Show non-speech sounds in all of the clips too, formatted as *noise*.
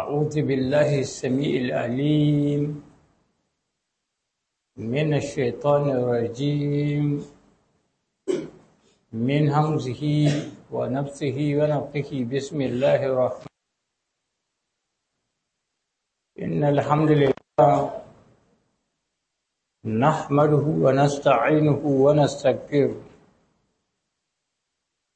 أعوذ بالله السميع العليم من الشيطان الرجيم من همزه ونفسه ونفقه بسم الله الرحمن إن الحمد لله نحمده ونستعينه ونستغفره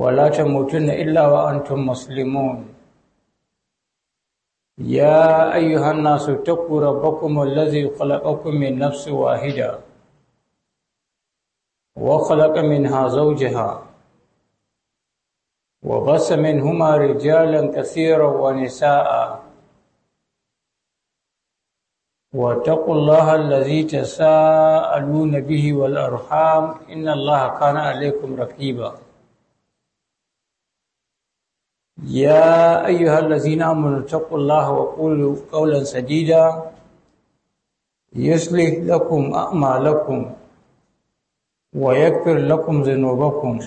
ولا تموتن إلا وأنتم مسلمون يا أيها الناس اتقوا ربكم الذي خلقكم من نفس واحدة وخلق منها زوجها وبس منهما رجالا كثيرا ونساء واتقوا الله الذي تساءلون به والأرحام إن الله كان عليكم رقيبا يا أيها الذين آمنوا اتقوا الله وقولوا قولا سديدا يصلح لكم أعمالكم ويكفر لكم ذنوبكم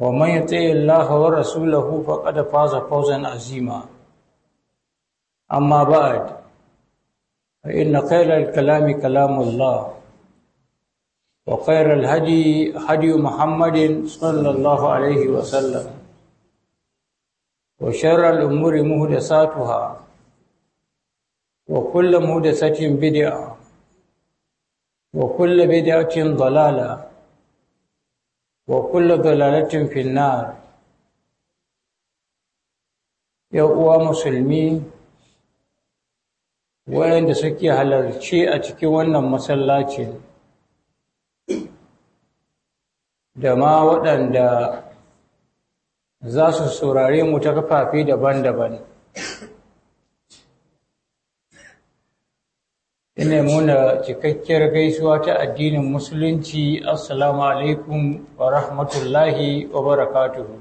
ومن يطع الله ورسوله فقد فاز فوزا عظيما أما بعد فإن خير الكلام كلام الله وخير الهدي هدي محمد صلى الله عليه وسلم وشر الأمور مهدساتها وكل مهدسة بدعة وكل بدعة ضلالة وكل ضلالة في النار يقوى مسلمي وين سكي halarci a cikin wannan masallacin da ma waɗanda za su saurare mu ta kafafi daban-daban ina muna cikakkiyar gaisuwa ta addinin musulunci assalamu alaikum wa rahmatullahi wa barakatuhu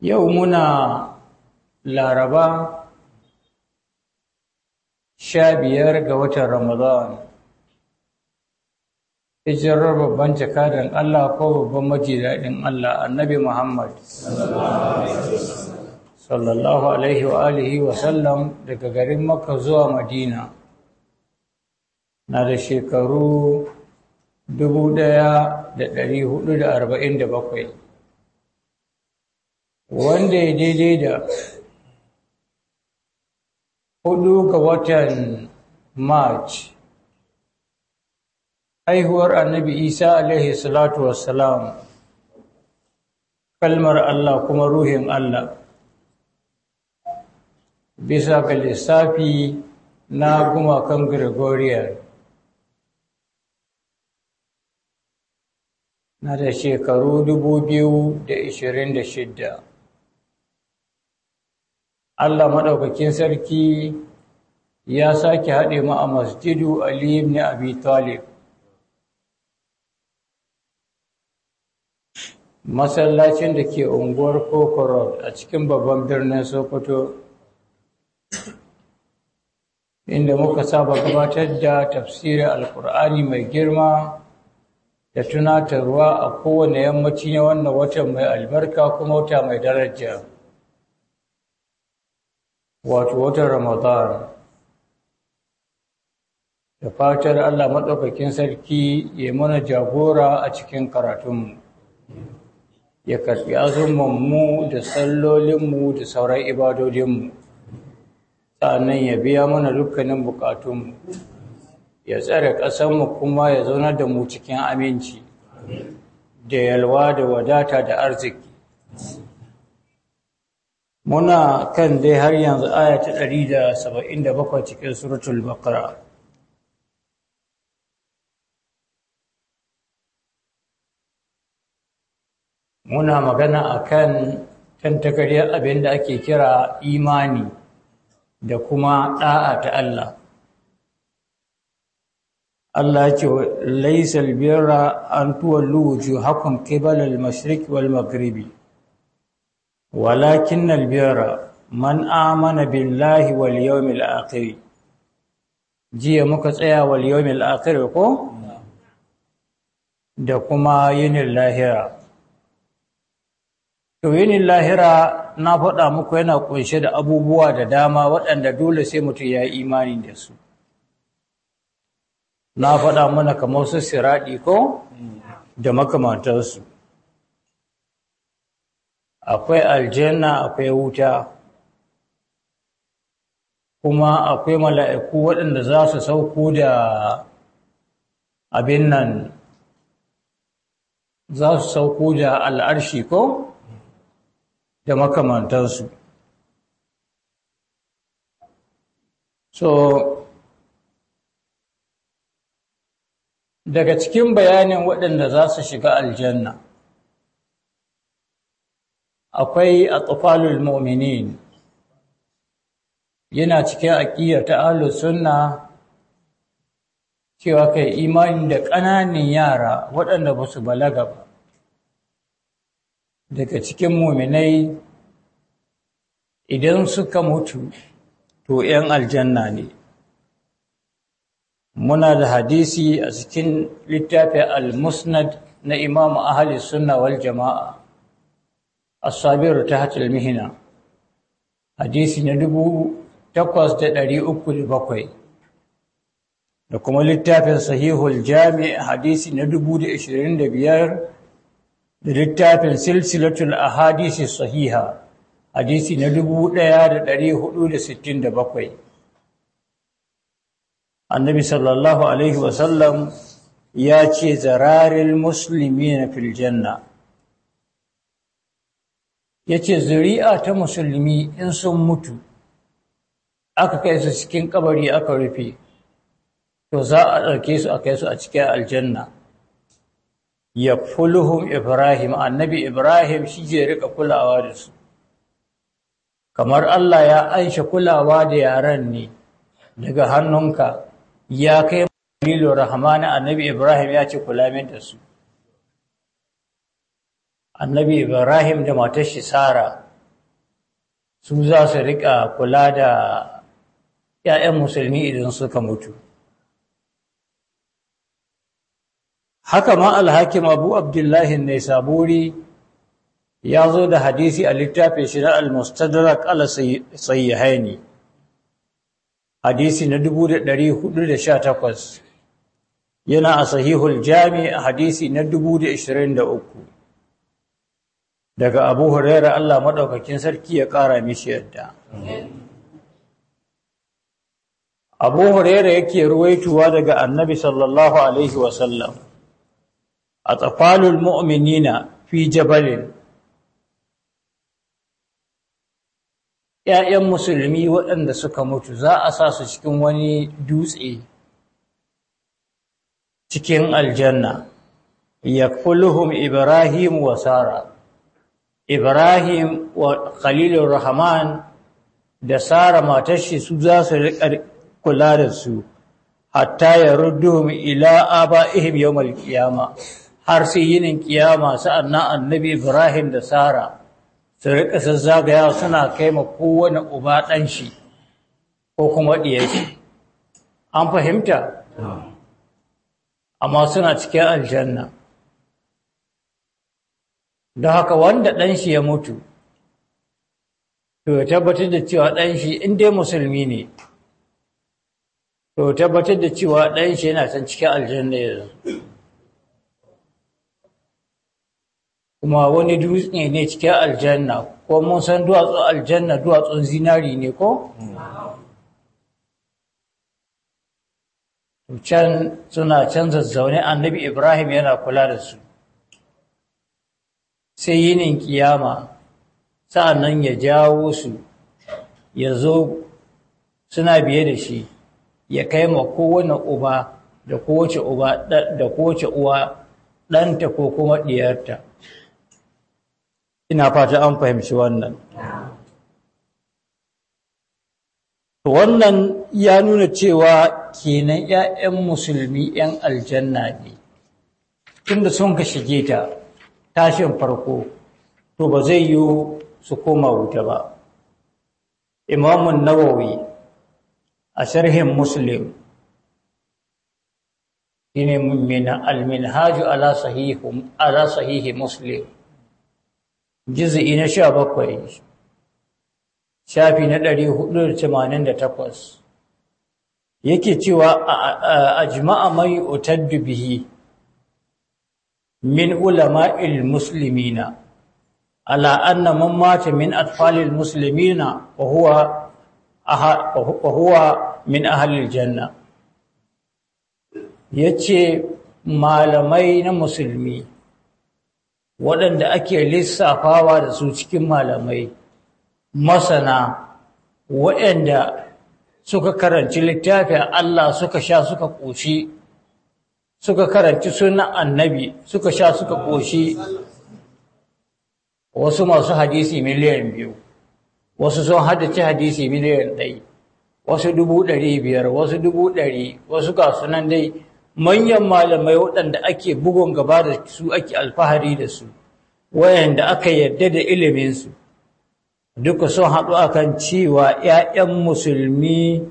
yau muna laraba sha biyar ga watan Ramadan. Hijirar babban jakadan Allah ko babban majidaɗin Allah annabi Muhammad. Sallallahu Alaihi wa alihi wa sallam daga garin maka zuwa Madina. Na da shekaru dubu ɗaya da ɗari hudu da arba'in da bakwai. Wanda ya daidai da hudu ga watan march haihuwar annabi isa alaihi salatu wassalam kalmar allah kuma ruhin allah bisa ga lissafi na gumakan gregorian na da shekaru dubu biyu da da shida. Allah maɗaukakin sarki ya sake haɗe mu a masjidu Ali ibn Abi Talib. Masallacin da ke unguwar Koko a cikin babban birnin Sokoto, inda muka saba gabatar da tafsirin Alƙur'ani mai girma da tunatarwa a kowane yammaci na wannan watan mai albarka kuma wata mai daraja. wato watan Ramadan da fatar Allah maɗaukakin sarki ya mana jagora a cikin karatunmu ya karɓi mu da mu da sauran mu. sannan ya biya mana dukkanin bukatunmu ya tsare ƙasanmu kuma ya zauna da mu cikin aminci da yalwa da wadata da arziki muna kan dai har yanzu aya ta 177 cikin suratul baqara muna magana akan tantakariyar abin da ake kira imani da kuma da'a ta Allah Allah ce laysal birra an tuwallu wujuhakum qibala al-mashriq wal maghribi ولكن البر من آمن بالله واليوم الآخر jiya muka tsaya wal yawmil akhir ko da kuma yinin lahira to yinin lahira na faɗa muku yana kunshe da abubuwa da dama waɗanda dole sai mutum ya yi imani da su na faɗa mana kamar su siradi ko da makamantarsu akwai aljanna akwai wuta kuma akwai mala'iku waɗanda za su sauko da abin nan za su sauko da al'arshi ko da makamantarsu so daga cikin bayanin waɗanda za su shiga aljanna akwai a atfalul mu'minin yana cikin aqida ta ahlus sunna cewa kai imani da ƙananan yara waɗanda ba su balaga ba daga cikin muminai idan suka mutu to ‘yan aljanna ne muna da hadisi a cikin littafin al-musnad na imamu ahli sunna wal jama'a as ta tahtal mihna hadisi na dubu takwas da ɗari uku da bakwai da kuma littafin sahihul jami hadisi na dubu da ishirin da biyar da littafin silsilatul ahadisi sahiha hadisi na dubu ɗaya da ɗari hudu da sittin da bakwai annabi sallallahu alaihi wasallam ya ce zararin musulmi na filjanna ya ce zuri'a ta musulmi in sun mutu aka kai su cikin kabari aka rufe to za a ɗauke su a kai su a cikin aljanna ya fuluhun ibrahim annabi ibrahim shi je rika kulawa da su kamar allah ya anshe kulawa da yaren ne daga hannunka ya kai malilu rahmanu annabi ibrahim ya ce kulamin da su annabi ibrahim da matar shi sara su za su riƙa kula da 'ya'yan musulmi idan suka mutu haka ma alhakim abu abdullahi ne ya zo da hadisi a littafin shi na al-mustadrak al-sayyihaini hadisi na 1418 yana a sahihul jami hadisi na 2023 daga Abu Hurera, Allah maɗaukakin sarki ya ƙara mishi yadda. Abu Huraira yake ruwaituwa daga annabi sallallahu Alaihi wasallam, a tsafalul mu'aminina, fi jabalin, ‘ya'yan musulmi waɗanda suka mutu za a sa su cikin wani dutse cikin aljanna, yakfuluhum Ibrahim wa Sarah. Ibrahim wa Khalilur Rahman da Sara matar shi su za su riƙa kula da su hatta ya rudduhum ila aba'ihim yawmal qiyama har sai yinin masu sa'annan annabi Ibrahim da Sara su sun zagaya suna kai ma kowane uba ɗan shi ko kuma ɗiyar shi an fahimta amma suna cikin aljanna Da haka wanda ɗan shi ya mutu to ya tabbatar da cewa ɗan shi inda musulmi ne to ya tabbatar da cewa ɗan shi yana can cikin aljanna yanzu kuma wani dutse ne cikin aljanna ko mun san duwatsun aljanna duwatsun zinari ne ko? can suna can zazzaune annabi ibrahim yana kula da su sai yinin kiyama sa'annan ya jawo su ya zo suna biye da shi ya kai ma kowane uba da kowace uba da kowace uwa ɗanta ko kuma ɗiyarta ina fata an fahimci wannan wannan ya nuna cewa kenan 'ya'yan musulmi 'yan aljanna ne tunda sun ka shige ta tashin farko to ba zai yi su koma wuta ba imamun nawawi a sharhin muslim shine min al-minhaj ala sahih ala sahihi muslim juz'i na 17 shafi na 488 yake cewa ajma'a mai utaddu bihi min ulama'il muslimina ala anna man mata min atfalil muslimina wa huwa wa huwa min ahlil janna yace malamai na musulmi waɗanda ake lissafawa da su cikin malamai masana waɗanda suka karanci littafin Allah suka sha suka ƙoshi suka karanci sunan annabi suka sha suka ƙoshi wasu masu hadisi miliyan biyu wasu sun haddace hadisi miliyan ɗai wasu dubu ɗari biyar wasu dubu ɗari wasu kasunan dai manyan malamai waɗanda ake bugun gaba da su ake alfahari da su wayanda aka yarda da iliminsu duka sun haɗu kan cewa ‘ya'yan musulmi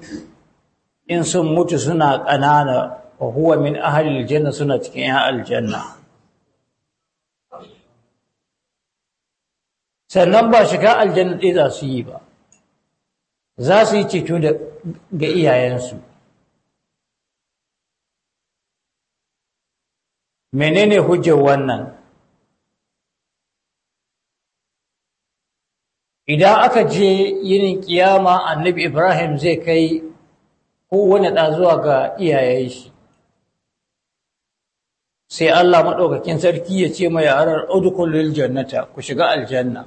in sun mutu suna ƙanana wa huwa min ahli aljanna suna cikin 'yan aljanna sannan ba shiga aljanna dai za su yi ba za su yi ceto ga iyayensu menene hujjar wannan idan aka je yin kiyama annabi ibrahim zai kai kowane ɗa zuwa ga iyayen shi sai Allah maɗaukakin sarki ya ce mai yarar udukulil jannata ku shiga aljanna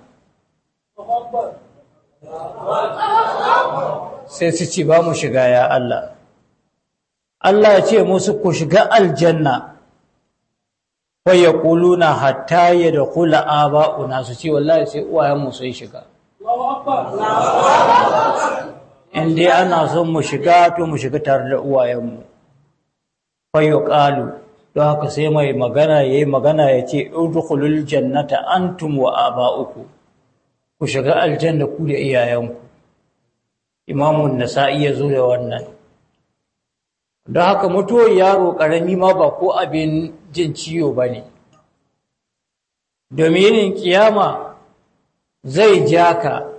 sai su ci ba mu shiga ya Allah Allah ya ce musu ku shiga aljanna wai ya kuluna hatta ya da kula aba'una su ce wallahi sai uwayenmu sun shiga in dai ana son mu shiga to mu shiga tare da uwayenmu fa yuqalu don haka sai mai magana ya magana ya ce ɗautukulul jannata antum wa uku, ku shiga aljanna ku da iyayenku imamun nasa'i ya zo da wannan don haka mutuwar yaro ƙarami ma ba ko abin jin ciwo ba ne domin kiyama zai ja ka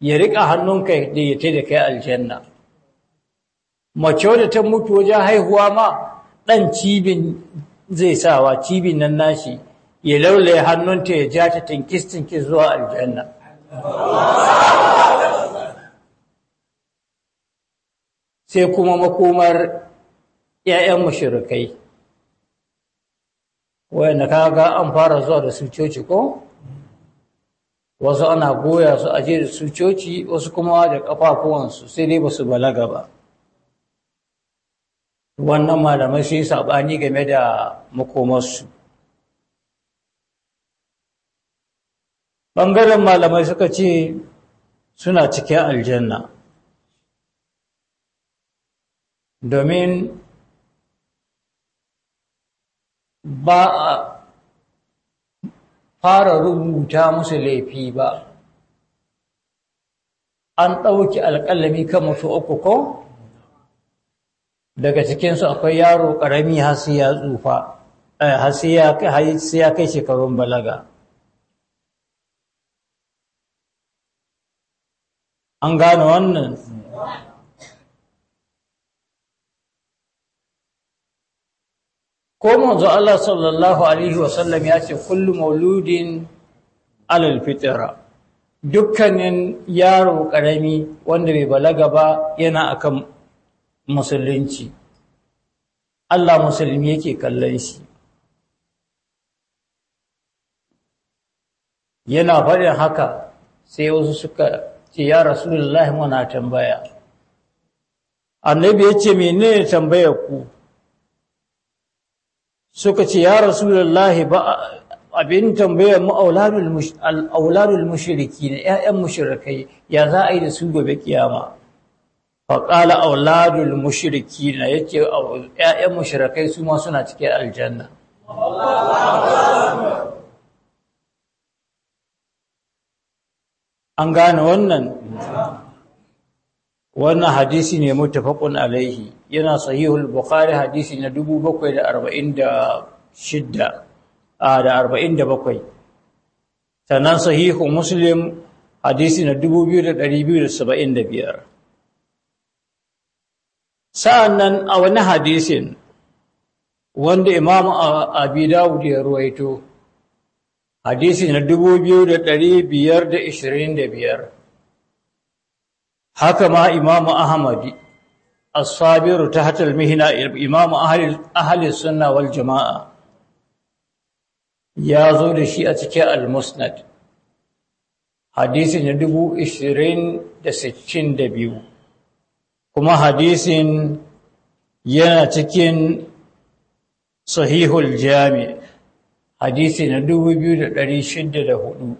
ya riƙa hannunka da ya da kai aljanna mace wadda ta mutu wajen haihuwa ma ɗan cibin zai sawa cibin nan nashi ya laule hannunta ya ja ta tinkis zuwa aljanna. Sai kuma makomar ‘ya'yan mashirikai, na kaga an fara zuwa da sucoci ko? Wasu ana goya su aje da sucoci wasu kuma da ƙafafuwansu sai dai ba su balaga ba. wannan malamai sun yi saɓani game da makomarsu ɓangaren malamai suka ce suna cikin aljanna domin ba a fara rubuta musu laifi ba an ɗauki alƙalami kan mutu uku ko daga cikinsu akwai yaro ƙarami hasi ya tsufa eh, hasi ya kai shekarun balaga an gane wannan ko zo Allah sallallahu alaihi wasallam ya ce kullu mauludin alal fitra dukkanin yaro ƙarami wanda bai balaga ba yana akan musulunci Allah musulmi yake kallon shi yana faɗin haka sai wasu suka ce ya rasulullahi muna tambaya annabi ya ce menene tambayar ku suka ce ya rasulullahi ba abin tambayar mu auladul mushriki na ƴaƴan mushrikai ya za a yi da su gobe kiyama faƙala auladul mushriki na ya ce ‘ya'yan mushrikai su ma suna cikin aljanna an gane wannan wannan hadisi ne mutafakun alaihi yana sahihul bukhari hadisi na 746 da 47 sannan sahihu muslim hadisi na 2275 sa'annan a wani hadisin wanda imam abi ya ruwaito hadisi na 2525 haka ma imam ahmad as-sabir tahta al imam ahli ahli wal jamaa ya zo da shi a cikin al-musnad hadisi na 2062 kuma hadisin yana cikin sahihul jami hadisi na 2604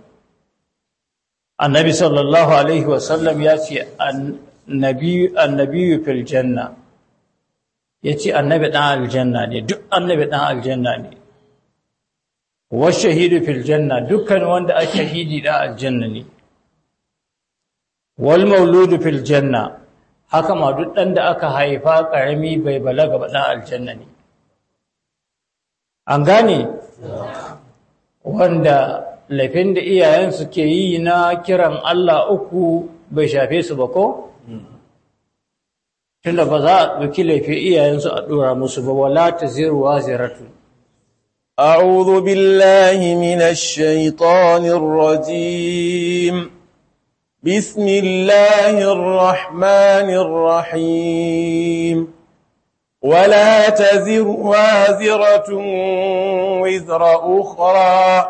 annabi sallallahu alaihi wasallam ya ce annabiyu fil janna ya ce annabi ɗan aljanna ne duk annabi ɗan aljanna ne wa shahidu fil janna dukkan wanda a shahidi ɗan aljanna ne wal mauludu fil janna haka ma duk ɗan da aka haifa ƙarami bai balaga ba ɗan aljanna ne an gane wanda laifin da iyayen suke yi na kiran Allah uku bai shafe su ba ko tunda ba za a ɗauki laifi iyayensu a ɗora musu ba wala ta ziruwa ziratu أعوذ بالله من الشيطان الرجيم بسم الله الرحمن الرحيم ولا تزر وازرة وزر أخرى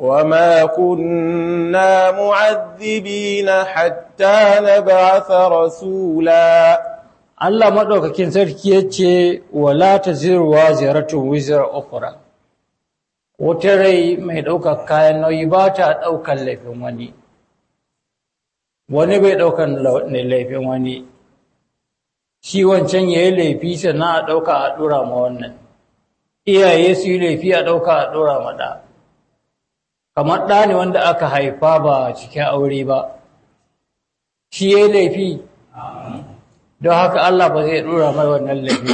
وما كنا معذبين حتى نبعث رسولا Allah maɗaukakin sarki ya ce wala ta zirwa ziyaratun wizar okura wata rai mai ɗaukar kayan nauyi ba ta ɗaukar laifin wani wani bai ɗaukan laifin wani shi wancan ya yi laifi sannan a ɗauka a ɗora ma wannan iyaye su yi laifi a ɗauka a ɗora ma ɗa kamar ɗa ne wanda aka haifa ba cikin aure ba shi ya yi laifi don haka Allah ba zai ɗora mai wannan laifi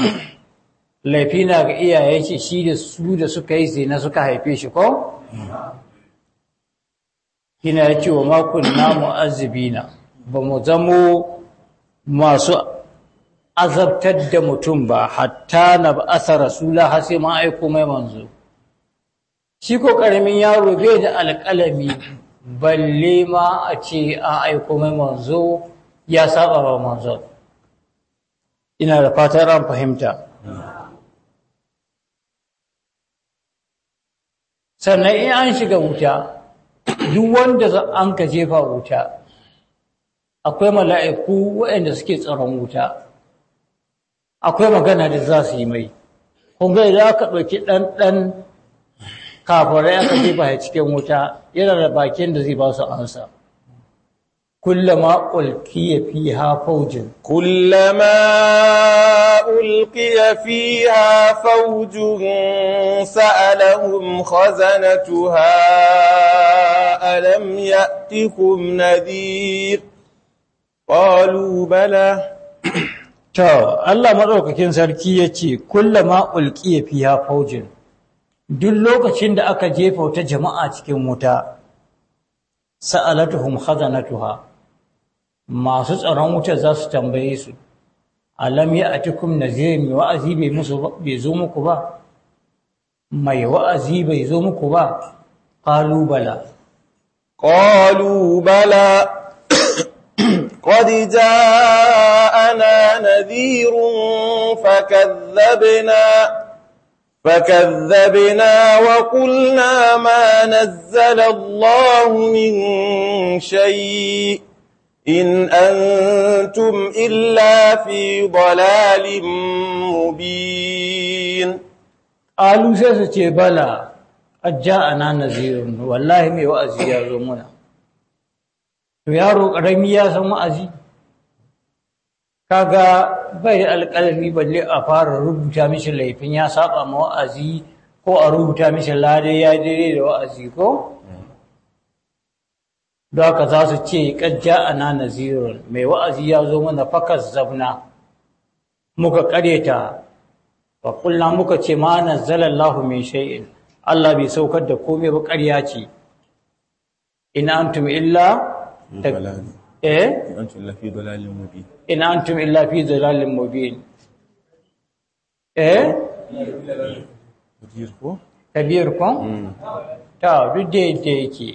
laifi na ga iyaye shi da su da suka yi zina suka haife shi ko Ina ya ce wa makon namu na, ba mu zamo masu azabtar da mutum ba hatta na ba asa rasula har sai ma aiko mai manzo shi ko karamin yaro bai da alƙalami balle ma a ce a aiko mai manzo ya saba ba manzo ina da fatar an fahimta sannan in an shiga wuta duk wanda an ka jefa wuta akwai mala'iku waɗanda suke tsaron wuta akwai magana da za su yi mai kunga idan aka ɗauki ɗanɗan kafarai aka jefa ya cikin wuta yana da bakin da zai ba su ansa كلما ألقي فيها فوج كلما ألقي فيها sa’alahun khazanatu ha أَلَمْ يَأْتِكُمْ نَذِيرٌ قَالُوا بَلَى *coughs* ta Allah maɗaukakin sarki ya ce kullama ulkiya fiya faujin duk lokacin da aka jefa wata jama'a cikin wuta sa'alatuhum khazanatuha masu tsaron wuta za su tambaye su alam ya atikum nazir mai wa'azi bai musu bai zo muku ba mai wa'azi bai zo muku ba bala. قالوا بلى *coughs* قد جاءنا نذير فكذبنا فكذبنا وقلنا ما نزل الله من شيء إن أنتم إلا في ضلال مبين قالوا سيسو بلى na nazirin wallahi mai wa'azi ya zo muna to yaro ƙarami ya san wa'azi kaga bai alƙalami balle a fara rubuta mishi laifin ya saba ma wa'azi ko a rubuta mishi lade ya daidai da wa'azi ko don haka za su ce na nazirin mai wa'azi ya zo mana fakas zabna muka ƙareta wa muka ce ma zalallahu mai shai'in Allah bai saukar da komai ba ƙarya ce ina antum illa eh ina antum illa fi dalalin mubin eh kabir ko hmm. ta duk da yake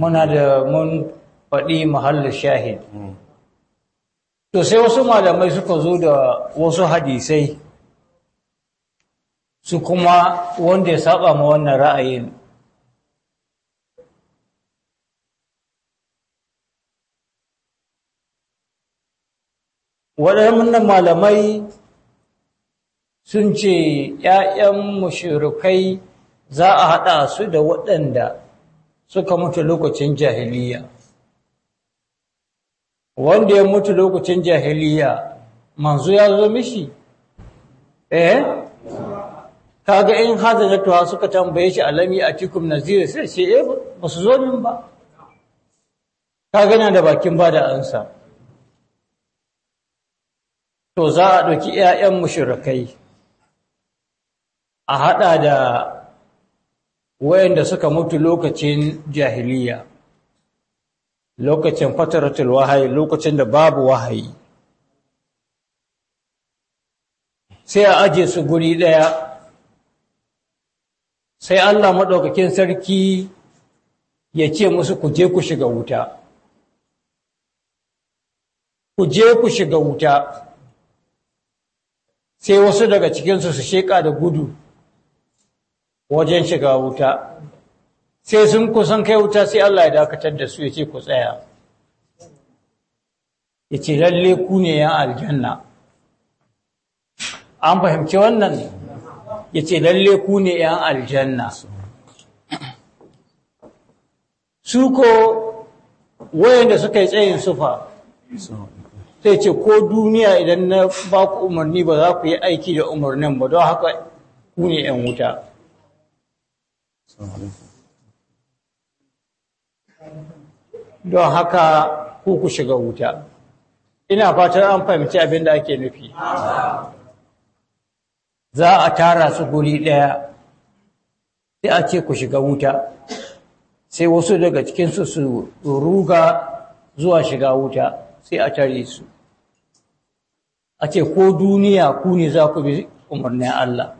muna da mun faɗi mahallin shahid hmm. to sai wasu malamai suka zo da wasu hadisai su kuma wanda ya saba ma wannan ra'ayin waɗannan malamai sun ce ‘ya'yan mashirikai za a haɗa su da waɗanda suka mutu lokacin jahiliya wanda ya mutu lokacin jahiliya manzu ya zo mishi eh kaga in tuwa suka tambaye shi alami a cikin nazir sai ce eh ba su zo min ba kaga na da bakin ba da ansa to za a ɗauki 'ya'yan mushrikai a haɗa da wayanda suka mutu lokacin jahiliya lokacin fataratul wahayi lokacin da babu wahayi sai a aje su guri ɗaya sai Allah maɗaukakin sarki ya ce musu ku je ku shiga wuta ku je ku shiga wuta sai wasu daga cikinsu su sheƙa da gudu wajen shiga wuta sai sun kusan kai wuta sai Allah ya dakatar da su ya ce ku tsaya ya ce lalle ku ne yan aljanna an fahimci wannan ya ce lalle ku ne ‘yan aljanna su ko wayanda suka yi tsayin sufa sai ce ko duniya idan na ba ku umarni ba za ku yi aiki da umarnin ba don haka ku ne ‘yan wuta don haka ku ku shiga wuta ina fatan an fahimci abin da ake nufi za a tara su guri ɗaya sai a ce ku shiga wuta sai wasu daga cikinsu su ruga zuwa shiga wuta sai a tare su a ce ko duniya ku ne za ku bi umarnin Allah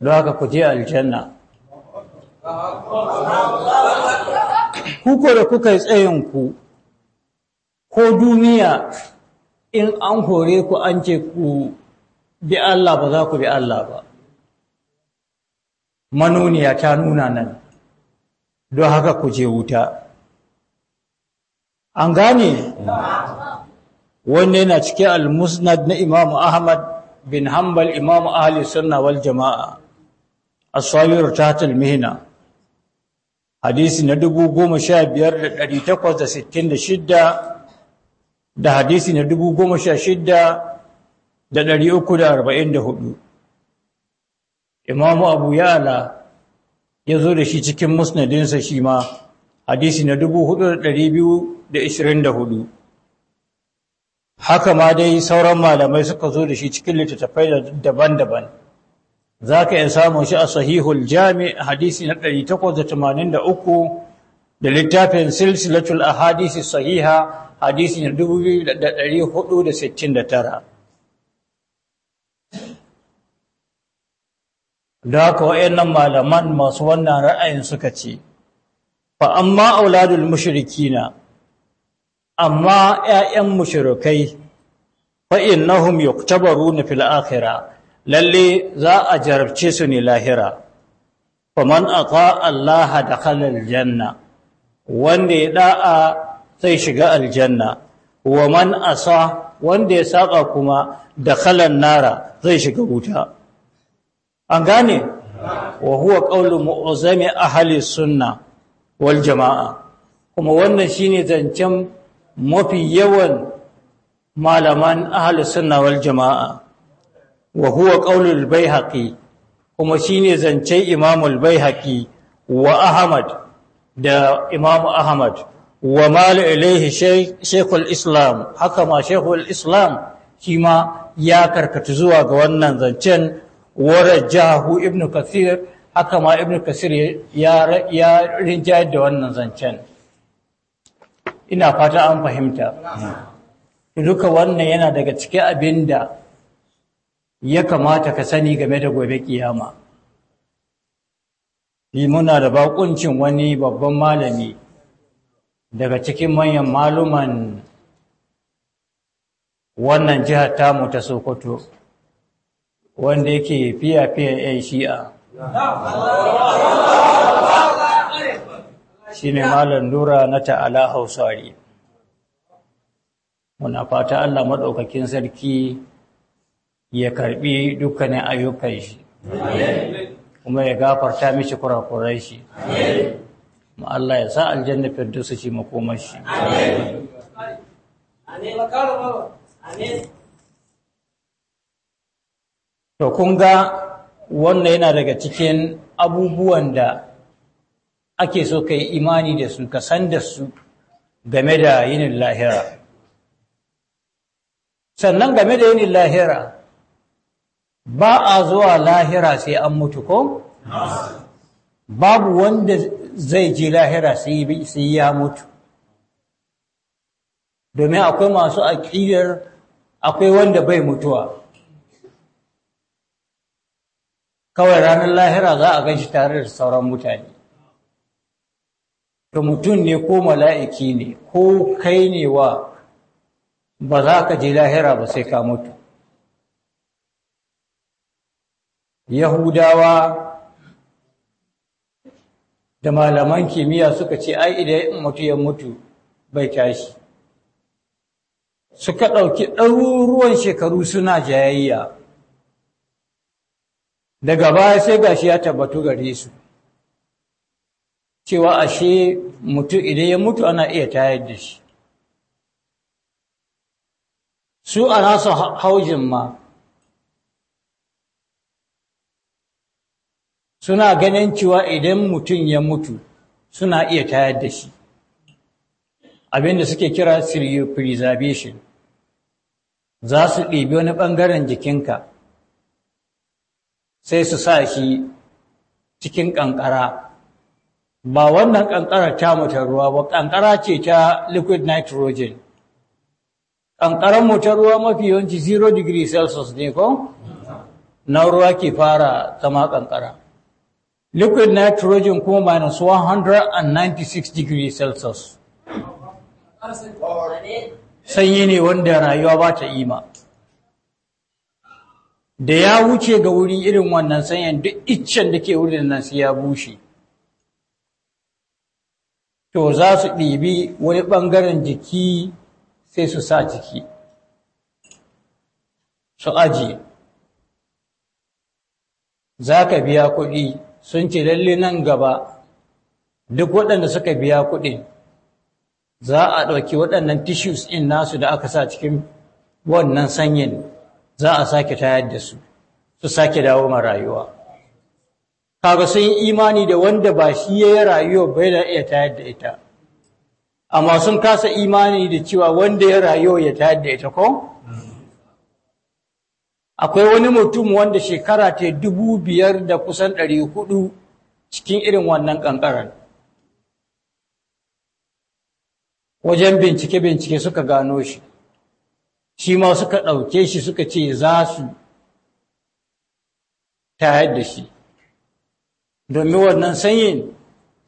don haka ku je aljanna kuka da kuka yi ku ko duniya in an hore ku an ce ku bi Allah ba za ku bi Allah ba manoniya ta nuna nan don haka ku je wuta an gane wanda yana cikin al-musnad na imamu ahmad bin hanbal imamu ahli sunna wal jama'a as-salir tatal mihna hadisi na 15866 da da da sittin hadisi na dubu goma sha 16000 da ɗari uku da arba'in da hudu imamu abu ya'ala ya zo da shi cikin musnadinsa shi ma hadisi na dubu hudu da ɗari biyu da ishirin da hudu haka ma dai sauran malamai suka zo da shi cikin littattafai daban-daban za ka iya samun shi a sahihul jami hadisi na ɗari takwas da tamanin da uku da littafin silsilatul ahadisi sahiha hadisi na dubu biyu da ɗari hudu da sittin da tara da haka wayannan malaman masu wannan ra'ayin suka ce fa amma auladul mushrikina amma 'ya'yan mushrikai fa innahum yuktabaruna fil akhirah lalle za a jarabce su ne lahira faman aqa Allah dakhala janna, wanda ya da'a sai shiga aljanna wa man asa wanda ya saba kuma dakhala nara zai shiga wuta an gane wa huwa qawlu mu'azami ahli sunna wal jama'a kuma wannan shine zancen mafi yawan malaman ahli sunna wal jama'a wa huwa qawlu al bayhaqi kuma shine zancen imam al bayhaqi wa ahmad da imam ahmad wa mal ilaihi al islam haka ma al islam shi ya karkatu zuwa ga wannan zancen warajahu ibn kathir haka ma ibn kathir ya ya rinjaye da wannan zancen ina fata an fahimta duka wannan yana daga cikin abinda ya kamata ka sani game da gobe kiyama muna da bakuncin wani babban malami daga cikin manyan maluman wannan jihar tamu ta Sokoto wanda yake fiya-fiyan 'yan shi'a shi ne malam nura na ta'ala hausari muna fata allah maɗaukakin sarki ya karɓi dukkanin ayyukan shi kuma ya gafarta mishi kurakurai shi ma allah ya sa aljanna firdausa shi makomashi Amin. to kun ga wannan yana daga cikin abubuwan da ake so ka yi imani da su ka san da su game da yinin lahira sannan game da yinin lahira ba a zuwa lahira sai an mutu ko? babu wanda zai je lahira sai ya mutu domin akwai masu aƙidar akwai wanda bai mutuwa kawai ranar lahira za a ganshi tare da sauran mutane Da mutum ne ko mala'iki ne ko kai ne wa ba za ka je lahira ba sai ka mutu yahudawa da malaman kimiyya suka ce ai idan mutu ya mutu bai tashi suka ɗauki ɗaruruwan shekaru suna jayayya daga baya sai gashi ya tabbatu gare su cewa ashe mutu idan ya mutu ana iya tayar da shi su a nasu haujin ma suna ganin cewa idan mutum ya mutu suna iya tayar da shi abinda suke kira preservation za su ɗibi wani ɓangaren jikinka sai su sa shi cikin ƙanƙara ba wannan ƙanƙara ta mutar ruwa ba ƙanƙara ce ta liquid nitrogen ƙanƙarar mutar ruwa mafi yawanci 0 degree celsius ne ko na ruwa ke fara zama ƙanƙara liquid nitrogen kuma minus 196 degree celsius sanyi ne wanda rayuwa ba ta ima da ya wuce ga wuri irin wannan sanyan duk iccen da ke wurin nan sai ya bushe to za su ɗibi wani ɓangaren jiki sai su sa ciki su aji. za ka biya kuɗi sun ce lalle nan gaba duk waɗanda suka biya kuɗi, za a ɗauki waɗannan tissues in nasu da aka sa cikin wannan sanyin za a sake tayar da su su sake dawo ma rayuwa kaga sun yi imani da wanda ba shi ya yi rayuwa ba yana iya tayar da ita amma sun kasa imani da cewa wanda ya rayuwa ya tayar da ita ko akwai wani mutum wanda shekara ta dubu biyar da kusan ɗari hudu cikin irin wannan ƙanƙarar wajen bincike-bincike suka gano shi shi ma suka ɗauke shi suka ce za su tayar da shi domin wannan sanyin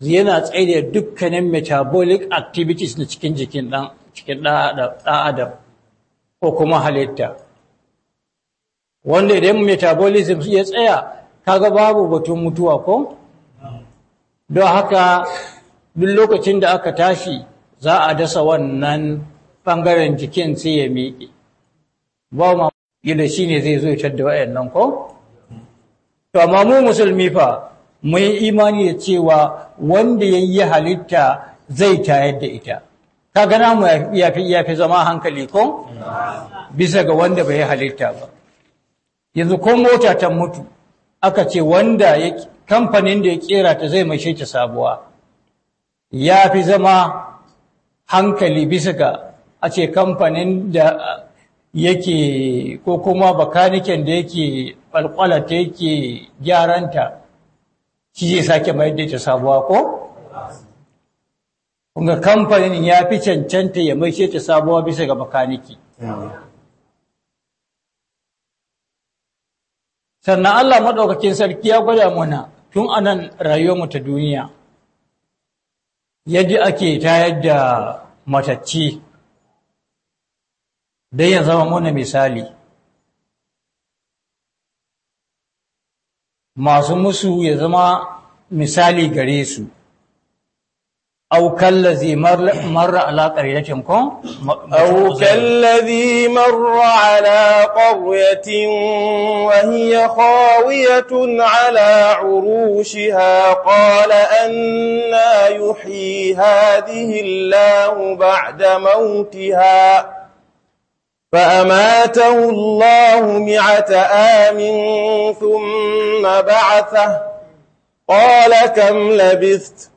yana tsaye dukkanin metabolic activities na cikin jikin ɗan adam ko kuma halitta wanda idan metabolism ya tsaya kaga babu batun mutuwa ko don haka duk lokacin da aka tashi za a dasa wannan ɓangaren jikin sai ya miƙe ba ma yadda shi ne zai zoitar da wayannan ko to amma mu musulmi fa mu yi imani da cewa wanda ya yi halitta zai tayar da ita ka gana mu ya fi zama hankali ko bisa ga wanda bai yi halitta ba yanzu ko mota ta mutu aka ce wanda kamfanin da ya kera ta zai mashe ta sabuwa ya fi zama hankali bisa ga a ce kamfanin da yake ko kuma bakaniken da yake ta yake gyaranta shi zai sake mayar da ita sabuwa ko? Kunga kamfanin ya fi cancanta ya mai ta sabuwa bisa ga bakaniki. Sannan Allah maɗaukakin sarki ya gwada mana tun anan rayuwarmu ta duniya, yadda ake tayar da matacci. دي ya مثالي muna misali masu مثالي ya أو كالذي مر, مر على قرية أو كالذي مر على قرية وهي خاوية على عروشها قال أنا يحيي هذه الله بعد موتها فأماته الله مئة آم ثم بعثه قال كم لبثت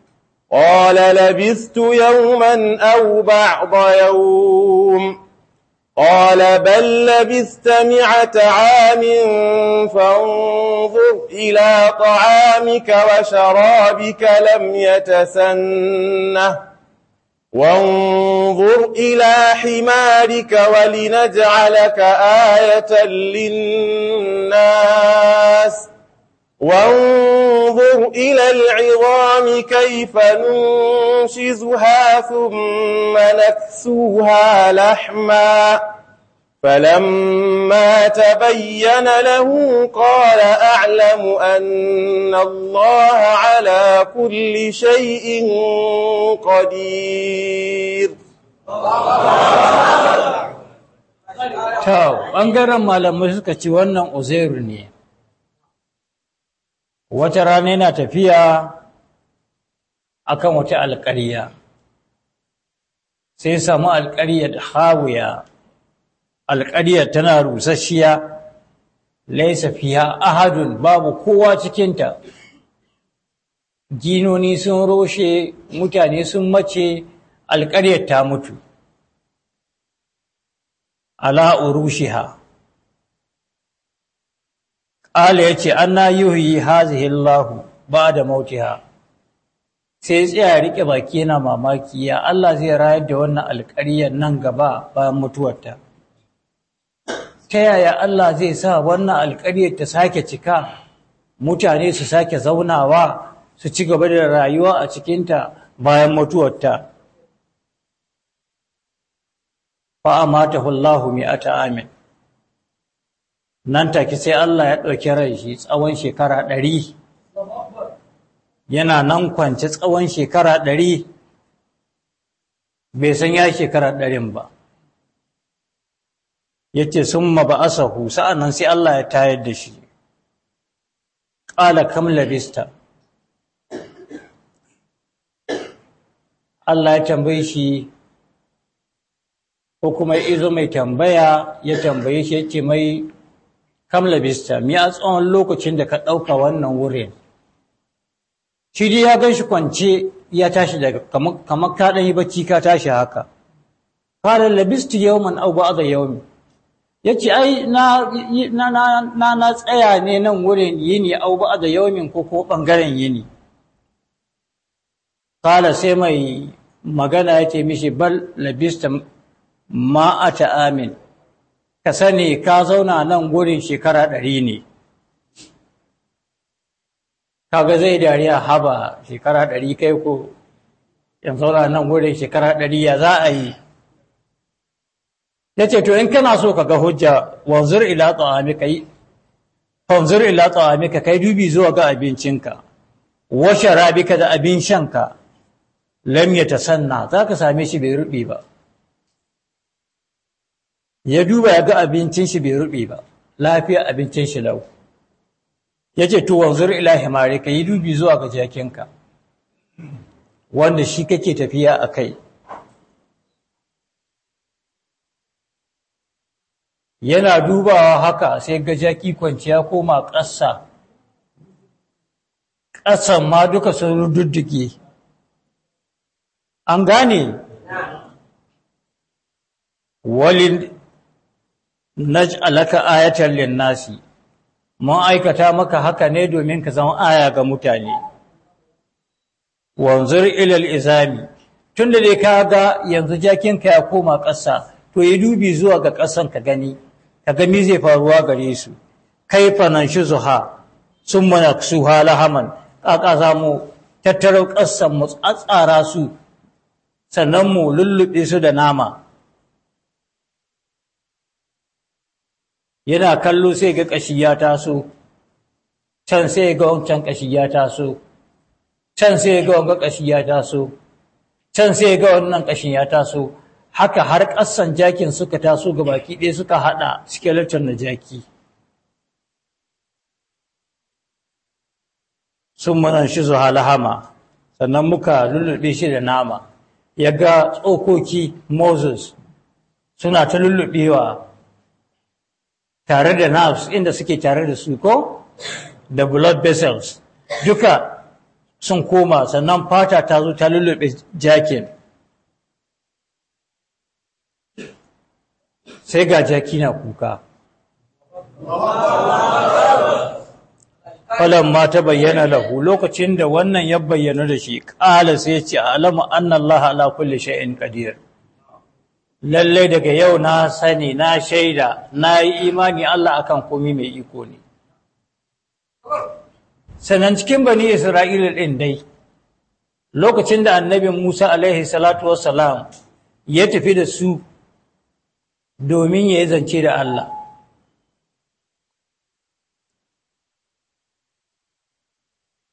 قال لبثت يوما أو بعض يوم قال بل لبثت مئة عام فانظر إلى طعامك وشرابك لم يتسنه وانظر إلى حمارك ولنجعلك آية للناس وانظر إلى العظام كيف ننشزها ثم نكسوها لحماً فلما تبين له قال أعلم أن الله على كل شيء قدير Tau, ɓangaren malamai suka ci wannan Uzairu ne, wata rana yana tafiya akan wata alƙarya, sai samu alƙaryar hawiya alƙaryar tana rusasshiya laisa fiha ahadun babu kowa cikinta ginoni sun roshe mutane sun mace alƙaryar ta mutu ala urushiha ƙala ya ce an na yuhi hazihillahu ba da mautiha sai tsaya riƙe baki yana mamaki ya Allah zai rayar da wannan alƙaryar nan gaba bayan mutuwarta ta yaya Allah zai sa wannan alƙaryar ta sake cika mutane su sake zaunawa su ci gaba da rayuwa a cikinta bayan mutuwarta mata Hullahu mai a amin nan take sai Allah ya ɗauki ran shi tsawon shekara ɗari yana nan kwance tsawon shekara ɗari bai san ya shekara ɗarin ba ya ce sun maba'asahu sa'an nan sai Allah ya tayar da shi ƙala kam labista Allah ya tambaye shi ko kuma izo mai tambaya ya tambaye shi ya ce mai kam labista mi a tsawon lokacin da ka ɗauka wannan wurin shi dai ya gan shi kwance ya tashi daga kamar ka yi bacci ka tashi haka ƙala labista yawman au ba'da yawmi ya ce ai na na tsaya ne nan wurin yini au ba da yawmin ko ko ɓangaren yini kala sai mai magana ya ce mishi bal labista ma a amin ka sani ka zauna nan gurin shekara ɗari ne kaga zai dariya haba shekara ɗari kai ko yan zauna nan gurin shekara ɗari ya za a yi ya ce to in kana so ka ga hujja wanzur ila ta'amika wanzur ila ta'amika kai dubi zuwa ga abincinka wa sharabika da abin shanka lam yatasanna ka same shi bai rubi ba ya duba ya ga abincin shi bai rubi ba lafiya abincin shi lau ya ce to wanzur ila himarika yi dubi zuwa ga jakinka wanda shi kake tafiya a kai yana dubawa haka sai ga jaki kwanciya koma ƙasa ƙasan ma duka sun dudduke an gane walin naj'alaka ayatan linnasi mun aikata maka haka ne domin ka zama aya ga mutane wanzur ilal izami tunda dai ka ga yanzu ka ya koma ƙasa to yi dubi zuwa ga ƙasan ka gani ya ga mi zai faruwa gare su kai fanan shi zuha sun mana su halahaman ƙaƙa za mu tattaro ƙasa mu tsatsara su sannan mu lullube su da nama yana kallo sai ga ƙashi ya taso can sai ga wancan ƙashi ya taso can sai ga wancan ƙashi ya taso can sai ga wannan ƙashi ya taso haka har ƙasan jakin suka taso ga baki ɗaya suka haɗa skeleton na jaki sun manan shi zuwa lahama sannan muka lullube shi da nama ya ga tsokoki moses suna ta lullubewa tare da nerves inda suke tare da su ko da blood vessels duka sun koma sannan fata ta zo ta lullube jakin sai ga jaki na kuka falon ma ta bayyana lahu lokacin da wannan ya bayyana da shi ƙala sai ce alamu annallaha ala kulle sha’in qadir lalle daga yau na sani na shaida na yi imani Allah akan komi mai iko ne sannan cikin bani Isra'ila ɗin dai lokacin da annabin Musa alaihi salatu ya tafi da su domin ya yi zance da Allah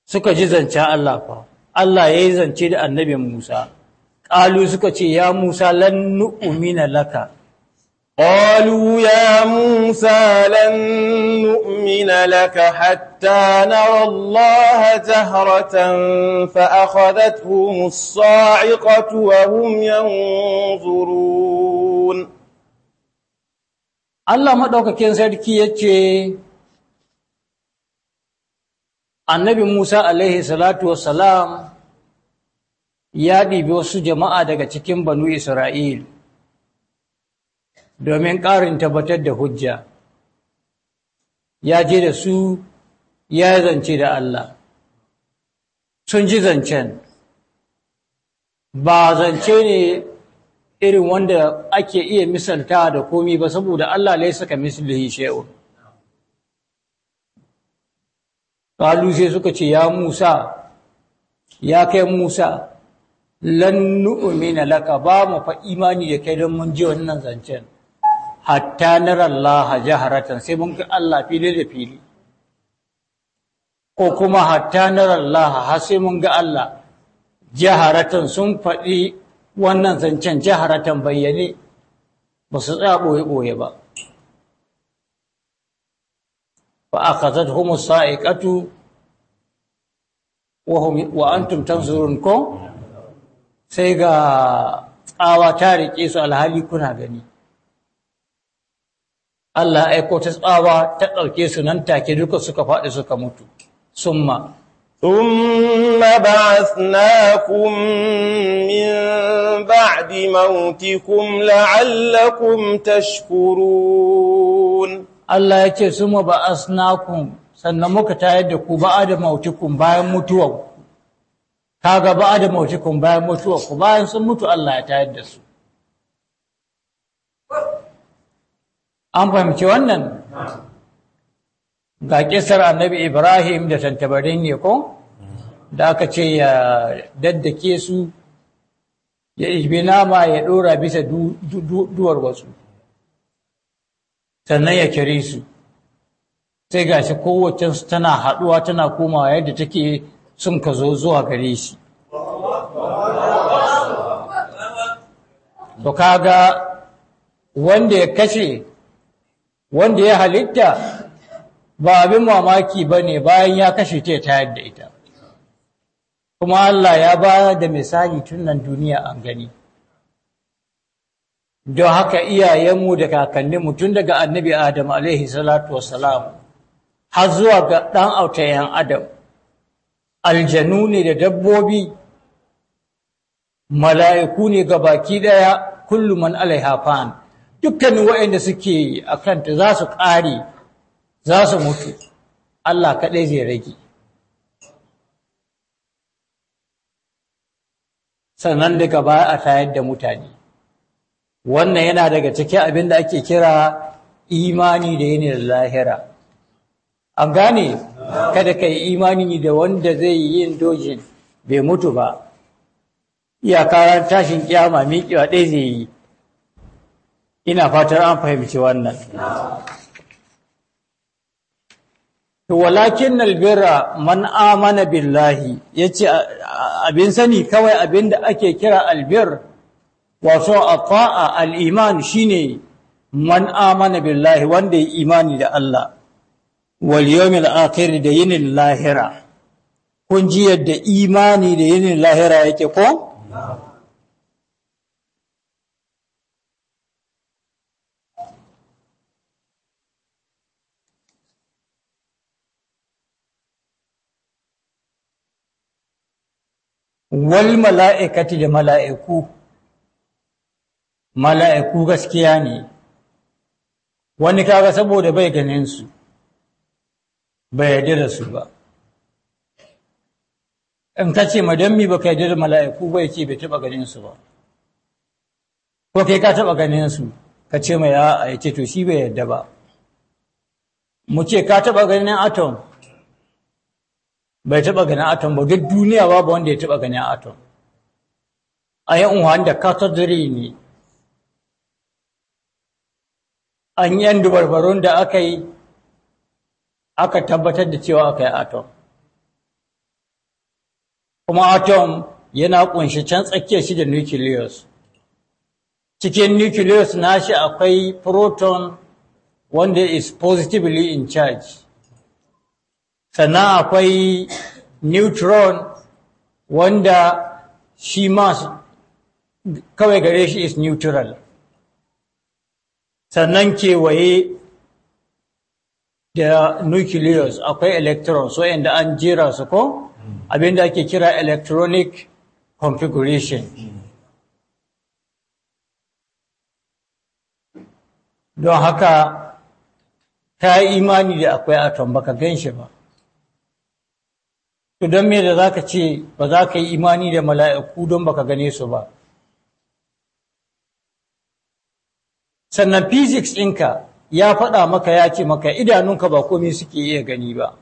suka ji zancen Allah fa Allah ya yi zance da annabi Musa ƙalu suka ce ya Musa lan nu'mina laka قالوا يا موسى لن نؤمن لك حتى نرى الله جهرة فأخذتهم الصاعقة وهم ينظرون Allah maɗaukakin sarki ya ce, Annabi Musa alaihi salatu wassalam ya ɗibi wasu jama'a daga cikin banu Isra'il domin ƙarin tabbatar da hujja. Ya je da su ya zance da Allah. Sun ji zancen, ba zance ne irin wanda ake iya misalta da komi ba saboda Allah lai ka misalihi shay'un qalu sai suka ce ya Musa ya kai Musa lan nu'mina laka ba mu fa imani da kai don mun ji wannan zancen hatta nara Allah jaharatan sai mun ga Allah fili da fili ko kuma hatta na Allah har sai mun ga Allah jaharatan sun faɗi wannan zancen jaharatan bayyane ba su tsaya ɓoye-ɓoye ba fa kazar humu sa'iqatu wa hum wa antum tanzurun ko sai ga tsawa ta riƙe su alhali kuna gani Allah aiko ta tsawa ta ɗauke su nan take duka suka faɗi suka mutu summa ثم بعثناكم من بعد موتكم لعلكم تشكرون الله يكي ثم بعثناكم sannan muka tayar da ku ba'a da mautukun bayan mutuwar kaga ba'a da mautukun bayan mutuwar ku bayan sun mutu Allah ya tayar da su an fahimci wannan ga kisar annabi ibrahim da tantabarin ne ko da aka ce ya daddake su ya ibi nama ya ɗora bisa duwar wasu sannan ya kire su sai ga shi su tana haɗuwa tana komawa yadda take sun ka zo zuwa gare shi to kaga wanda ya kashe wanda ya halitta ba abin mamaki ba ne bayan ya kashe ta tayar da ita kuma Allah ya ba da misali tun nan duniya an gani don haka iyayenmu da kakanninmu tun daga annabi adam alaihi salatu wasalam har zuwa ga ɗan autayen adam aljanu ne da dabbobi mala'iku ne ga baki ɗaya kullum man alaiha fan dukkanin waɗanda suke a kanta za su ƙare za su mutu Allah kaɗai zai rage sannan daga ba a tayar da mutane wannan yana daga cikin abin da ake kira imani da yanar lahira an gane kada ka yi imani da wanda zai yi yin dojin bai mutu ba iyakarar tashin ƙyama miƙewa ɗaya zai yi ina fatar an fahimci wannan To walakin albirra man amana billahi yace abin sani kawai abin da ake kira albir wato ata'a al-iman shine man amana billahi wanda ya imani da Allah wal yawmil akhir da yinin lahira kun ji yadda imani da yinin lahira yake ko wal mala'ikati da mala'iku mala'iku gaskiya ne wani kaga saboda bai ganin su bai yadda da su ba in ka ce madammi ba ka yadda da mala'iku bai ce bai taɓa ganin su ba ko kai ka taɓa ganin su ka ce mai ya ce to shi bai yadda ba mu ce ka taɓa ganin atom bai taɓa gani atom ba duk duniya babu wanda ya taɓa ganin atom a yi unhan da category ne an yi dubarbarun da aka yi aka tabbatar da cewa aka yi atom kuma atom yana ƙunshi can tsakiyar shi da nucleus cikin nucleus nashi akwai proton wanda is positively in charge sannan akwai neutron wanda shi mass kawai gare shi is neutral sannan kewaye da nucleus akwai electrons wayanda an jera su ko abinda ake kira electronic configuration don haka ta imani da akwai atom baka gan shi ba to don me da za ka ce ba za ka yi imani da mala'iku don baka gane su ba sannan physics ɗinka ya faɗa maka ya ce maka idanunka ba komi suke iya gani ba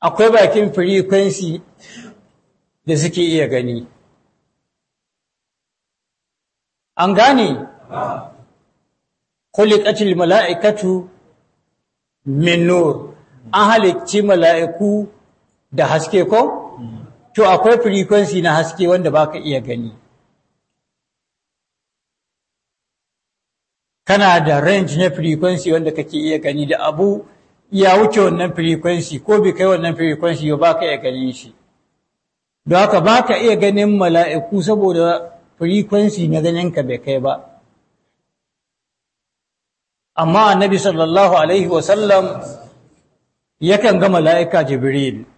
akwai bakin frequency da suke iya gani an gane kulikatil mala'ikatu min nur an halicci mala'iku da haske ko to akwai frequency na haske wanda baka iya gani kana da range na frequency wanda kake iya gani da abu ya wuce wannan frequency ko bai kai wannan frequency ba ka iya ganin shi Da haka baka iya ganin mala'iku saboda frequency na ganinka bai kai ba amma annabi sallallahu alaihi wasallam yakan ga mala'ika jibril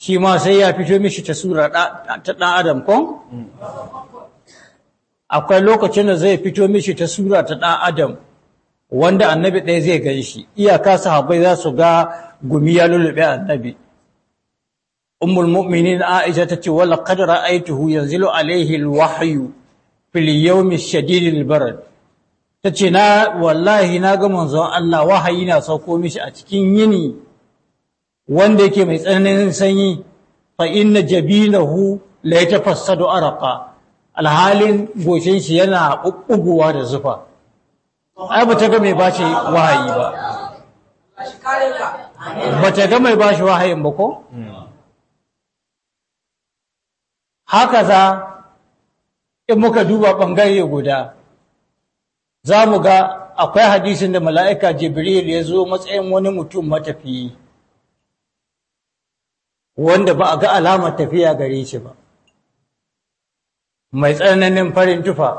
shi ma sai ya fito mishi ta sura ta ɗan adam kon? akwai lokacin da zai fito mishi ta sura ta ɗan adam wanda annabi ɗaya zai gan shi iyaka haɓai za su ga gumi ya lullube annabi ummul mu'minin aisha ta ce wala yanzu lo alaihi alayhi filiyau mai shadidin barad Ta ce na wallahi na ga manzon Allah wahayi na sauko mishi a cikin yini wanda yake mai tsananin sanyi fa inna jabilahu la yatafassadu araqa alhalin goshin shi yana buguwa da zufa ai bata ga mai bashi wahayi ba bata ga mai bashi wahayin ba ko haka za in muka duba bangare guda za mu ga akwai hadisin da mala'ika jibril ya zo matsayin wani mutum matafiyi wanda ba a ga alamar tafiya gare shi ba mai tsananin farin tufa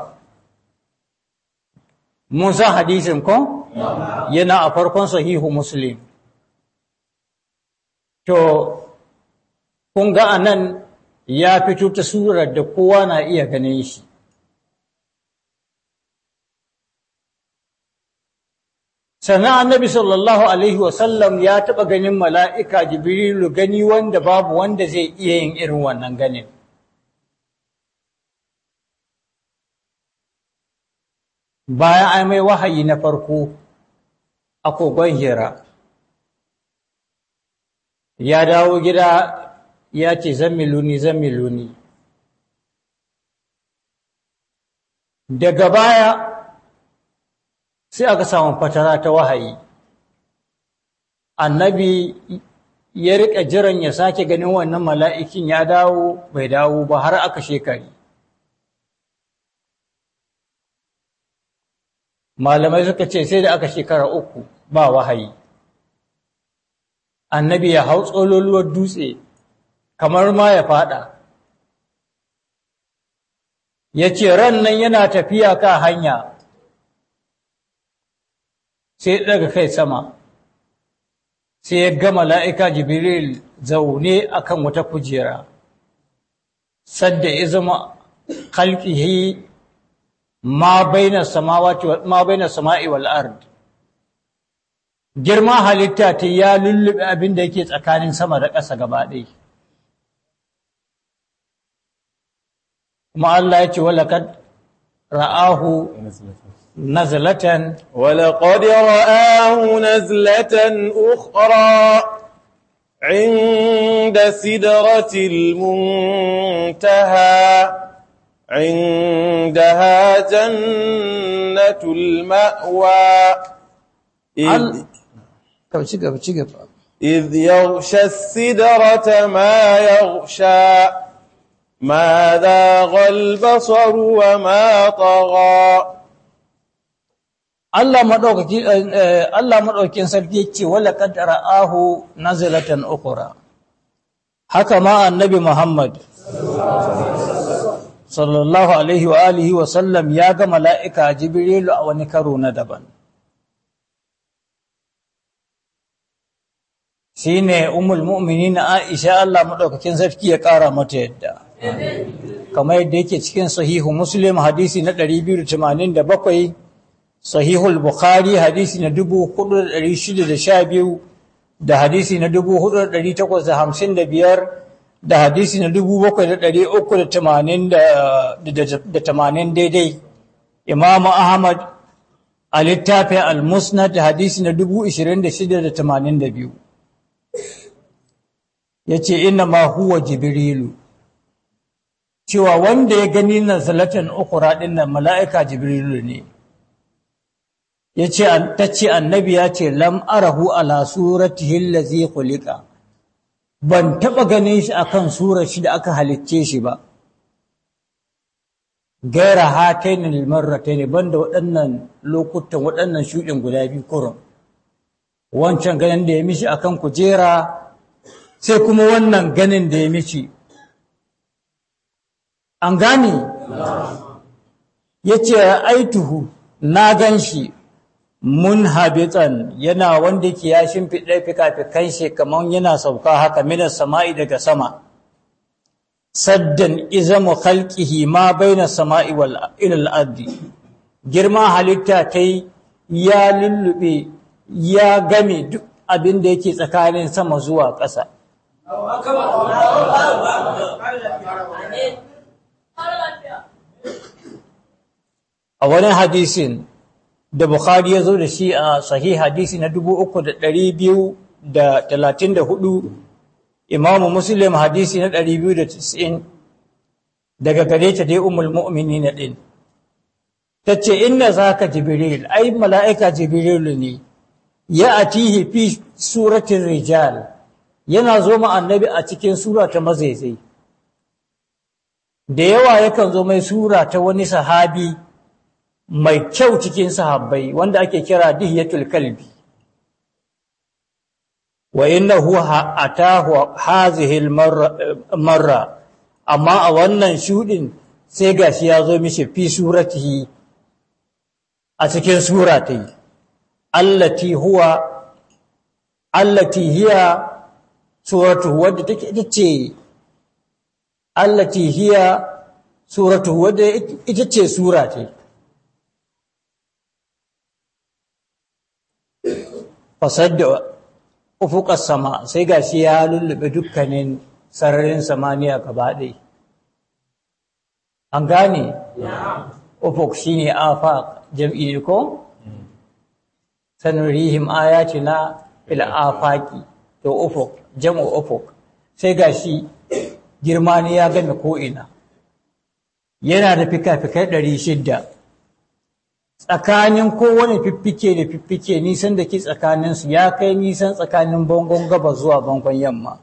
mun san hadisin ko yana a farkon sahihu muslim to kun ga anan ya fito ta surar da kowa na iya ganin shi sana annabi sallallahu alaihi wasallam ya taɓa ganin mala'ika jibrilu gani wanda babu wanda zai iya yin irin wannan ganin bayan ai mai wahayi na farko a hira ya dawo gida ya ce zamiluni zamiluni daga baya sai aka samu fatara ta wahayi annabi ya riƙa jiran ya sake ganin wannan mala'ikin ya dawo bai dawo ba har aka shekari malamai suka ce sai da aka shekara uku ba wahayi annabi ya hau tsololuwar dutse kamar ma ya fada ya ce ran nan yana tafiya ka hanya sai daga kai sama sai ya ga mala'ika jibril zaune a kan wata kujera sadda ya zama kalkihi ma baina sama'i wal girma halitta ta ya lullube abin da yake tsakanin sama da ƙasa gaba kuma Allah ya ce walaqad ra'ahu نزلة ولقد رآه نزلة أخرى عند سدرة المنتهى عندها جنة المأوى إذ, طيب، إذ يغشى السدرة ما يغشى ماذا غلب صر وما طغى Allah maɗaukakin eh, Allah sarki ce wala kaddara ahu nazilatan ukura haka ma annabi Muhammad sallallahu alaihi wa alihi wa sallam ya ga mala'ika jibrilu a wani karo na daban shine ummul mu'minin Aisha Allah maɗaukakin sarki ya ƙara mata yadda kamar yadda yake cikin sahihu Muslim hadisi na 287 sahihul bukhari hadisi na 4612 da hadisi na 4855 da hadisi na 7380 daidai imamu ahmad a littafin al-musnad hadisi na 2682 ya ce ina ma huwa jibrilu cewa wanda ya gani na salatin ukura ɗin nan mala'ika jibrilu ne yace ta ce annabi ya ce lam arahu ala surati allazi khuliqa ban taɓa ganin shi akan surar shi da aka halicce shi ba gaira hataini ban banda waɗannan lokutan waɗannan shuɗin guda biyu kurum wancan ganin da ya mishi akan kujera sai kuma wannan ganin da ya mishi an gane yace aituhu na gan shi habitan yana wanda ke ya fi kan shi kamar yana sauka haka mina sama'i daga sama saddan izamu khalqihi ma baina sama'i wal ilal girma halitta ta ya lullube ya game duk abin da yake tsakanin sama zuwa ƙasa a wani hadisin da Bukhari ya zo da shi a sahih hadisi na 3234 Imam Muslim hadisi na 290 daga gare ta dai ummul mu'minin din tace inna zaka jibril ai mala'ika jibril ne ya atihi fi suratul rijal yana zo ma annabi a cikin sura ta mazaizai da yawa yakan zo mai sura ta wani sahabi mai kyau cikin sahabbai wanda ake kira dihiyatul kalbi wa innahu atahu hazihi marra amma a wannan shudin sai gashi ya zo mishi fi suratihi a cikin suratai allati huwa allati hiya suratu wadda take ita ce allati hiya suratu wadda ita ce suratai fasadda ufuƙar sama sai gashi ya lullube dukkanin sararin samaniya gaba ɗaya an gane ufuk shine afaq jam'i ko sanurihim ayatina fil afaqi to ufuk jam'u ufuk sai gashi girma ne ya game ko'ina. yana da fikafikai fikai shidda. tsakanin kowane fiffike da fiffike nisan da ke tsakaninsu ya kai nisan tsakanin bangon gaba zuwa bangon yamma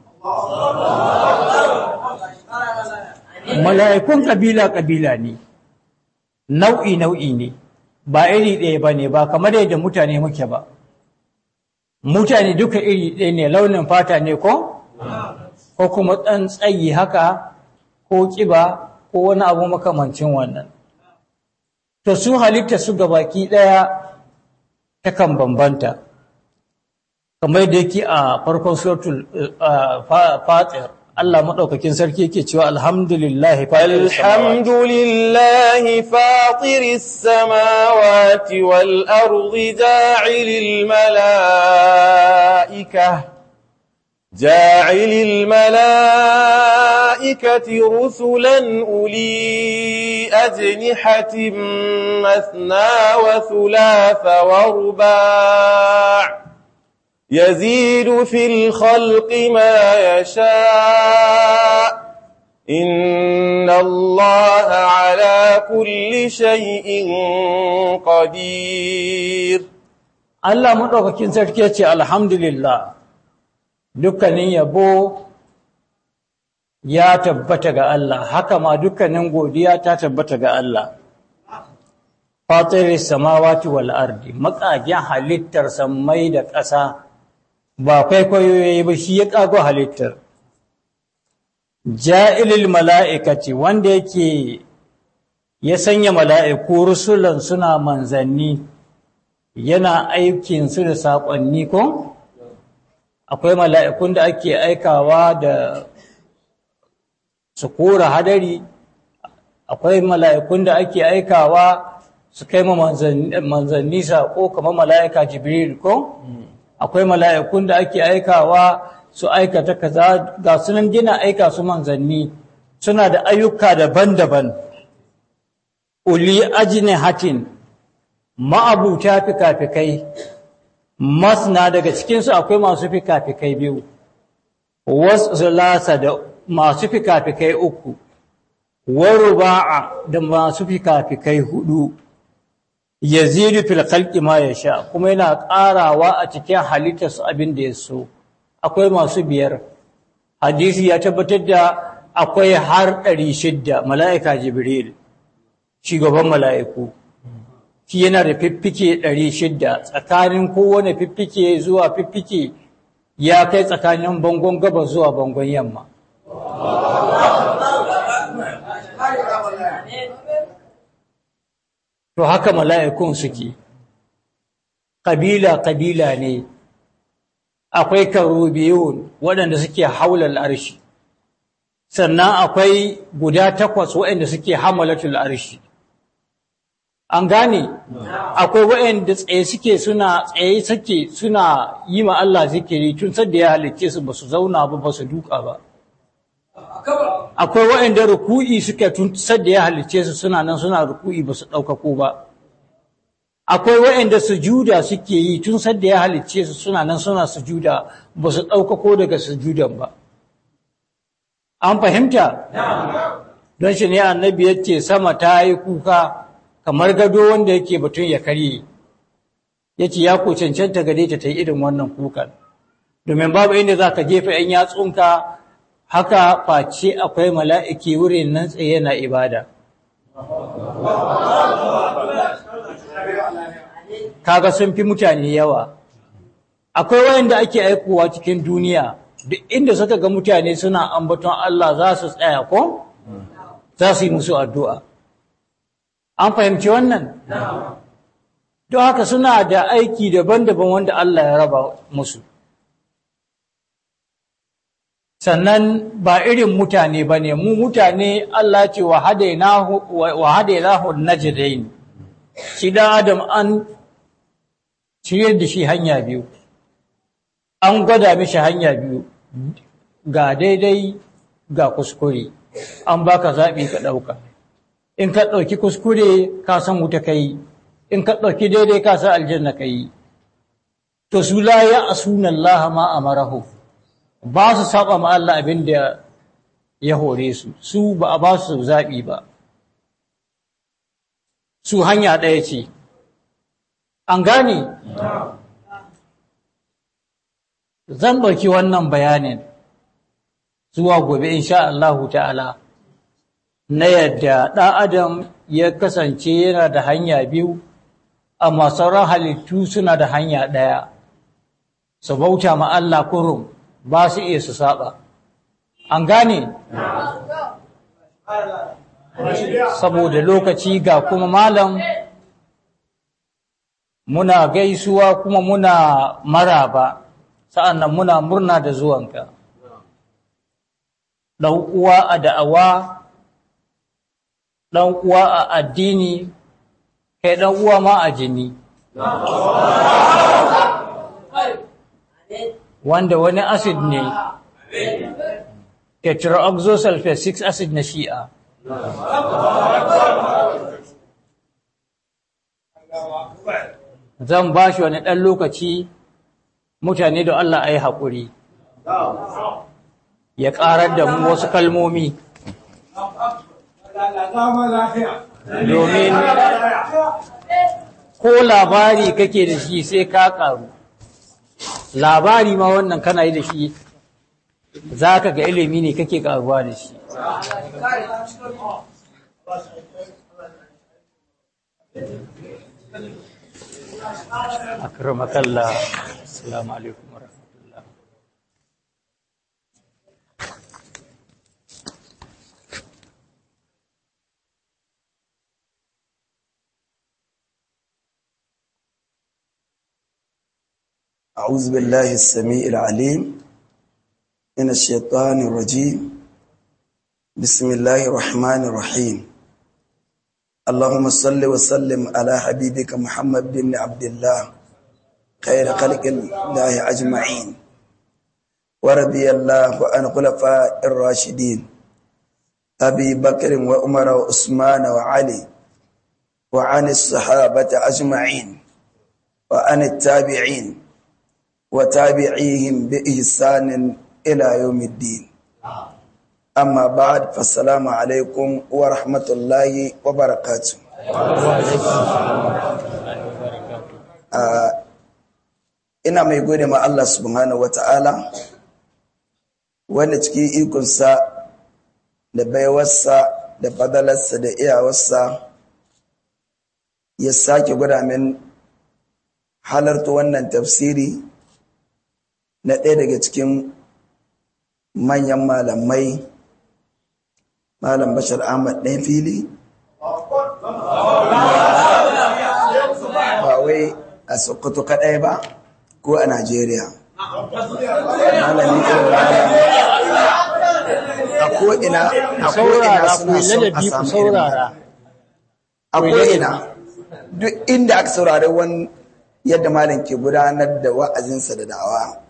mala'ikun ƙabila-ƙabila ne nau'i-nau'i ne ba iri ɗaya ba ne ba kamar yadda mutane muke ba mutane duka iri ɗaya ne launin fata ne ko ko kuma ɗan tsayi haka ko ƙiba ko wani abu makamancin wannan to su halitta su gabaki daya takan bambanta kamar da yake a farkon suratul fatir Allah madaukakin sarki yake cewa alhamdulillahi alhamdulillahi fatiris samawati wal ardi ja'ilil malaikah جاعل الملائكة رسلا أولي أجنحة مثنى وثلاث ورباع يزيد في الخلق ما يشاء إن الله على كل شيء قدير الله مدوكين سركيتي الحمد لله dukkanin yabo ya tabbata ga Allah haka ma dukkanin godiya ta tabbata ga Allah fatiri samawati wal ardi makagen halittar samai da ƙasa ba kwaikwayo yayi ba shi ya kago halittar ja'ilil mala'ikati wanda yake ya sanya mala'iku rusulan suna manzanni yana aikinsu da saƙonni ko? akwai mala'ikun da ake aikawa da su kora hadari akwai mala'ikun da ake aikawa su kai ma manzanni saƙo kamar mala'ika jibril ko akwai mala'ikun da ake aikawa su aikata kaza ga sunan gina aika su manzanni suna da ayyuka daban-daban uli ajine hatin ma'abuta fika-fikai masna daga cikinsu akwai masu fikafikai biyu wasu zulasa da masu fikafikai uku waruba'a da masu fikafikai hudu yazidu fil khalqi ma yasha kuma yana ƙarawa a cikin halittarsu abin da ya so akwai masu biyar hadisi ya tabbatar da akwai har 600 mala'ika jibril gaban mala'iku shi yana da fiffike ɗari shidda tsakanin kowane fiffike zuwa fiffike ya kai tsakanin bangon gabas zuwa bangon yamma to haka mala'ikun suke Kabila ƙabila ne akwai karubiyun waɗanda suke haular arshi sannan akwai guda takwas waɗanda suke hamalatul arshi an gane akwai waɗanda tsaye suke suna tsaye sake suna yi ma Allah zikiri tun sadda ya halicce su basu zauna ba su duka ba akwai waɗanda ruku'i suke tun sadda ya halicce su suna nan suna ruku'i basu ɗaukako ba akwai waɗanda sujuda suke yi tun sadda ya halicce su suna nan suna sujuda su ɗaukako daga sujudan ba an fahimta don shi ne annabi yace sama ta yi kuka kamar gado wanda yake batun ya karye ya ce ya ku cancanta gare ta ta yi irin wannan kukan domin babu inda za ka jefa yan yatsunka haka face akwai mala'iki wurin nan tsaye na ibada kaga sun fi mutane yawa akwai wayanda ake aikowa cikin duniya duk inda suka ga mutane suna ambaton Allah za su tsaya ko za su yi musu addu'a an fahimci wannan don haka suna da aiki daban-daban wanda Allah ya raba musu sannan ba irin mutane ba ne mu mutane Allah ce wa haɗe na najdain shi dan adam an ciyar da shi hanya biyu an gwada mishi hanya biyu ga daidai ga kuskure an baka zaɓi ka ɗauka in ka ɗauki kuskure ka san wuta ka yi in ka ɗauki daidai ka san aljanna ka yi to su la ya sunan Laha ma amarahu ba su saba ma Allah abin da ya hore su su ba a ba su zaɓi ba su hanya ɗaya ce an gane zan ɗauki wannan bayanin zuwa gobe insha Allahu ta'ala na yadda ɗan adam ya kasance yana da hanya biyu amma sauran halittu suna da hanya ɗaya su bauta ma Allah kurum ba su iya su saba an gane saboda lokaci ga kuma malam muna gaisuwa kuma muna maraba nan muna murna da zuwanka ɗan a da'awa ɗan uwa a addini kai ɗan uwa ma a jini wanda wani acid ne tetraoxosulfate 6 acid na shi'a zan ba shi wani ɗan lokaci mutane da Allah a yi haƙuri ya ƙarar da mu wasu kalmomi domin ko labari kake da shi sai ka karu labari ma wannan kana yi da shi za ka ga ilimi ne kake karuwa da shi akramakallah assalamu alaikum أعوذ بالله السميع العليم من الشيطان الرجيم بسم الله الرحمن الرحيم اللهم صل وسلم على حبيبك محمد بن عبد الله خير خلق الله أجمعين ورضي الله عن خلفاء الراشدين أبي بكر وعمر وعثمان وعلي وعن الصحابة أجمعين وعن التابعين وتابعيهم بإحسان إلى يوم الدين أما بعد فالسلام عليكم ورحمة الله وبركاته ina mai gode ma Allah subhanahu wata'ala wanda cikin ikonsa da baiwarsa da fadalarsa da iyawarsa ya sake gwada min halarta wannan tafsiri na ɗaya daga cikin manyan malamai malam bashar ahmad ɗan fili ba wai a sokoto kaɗai ba ko a najeriya a ko'ina a ko'ina duk inda aka saurari wani yadda malam ke gudanar da wa'azinsa da dawa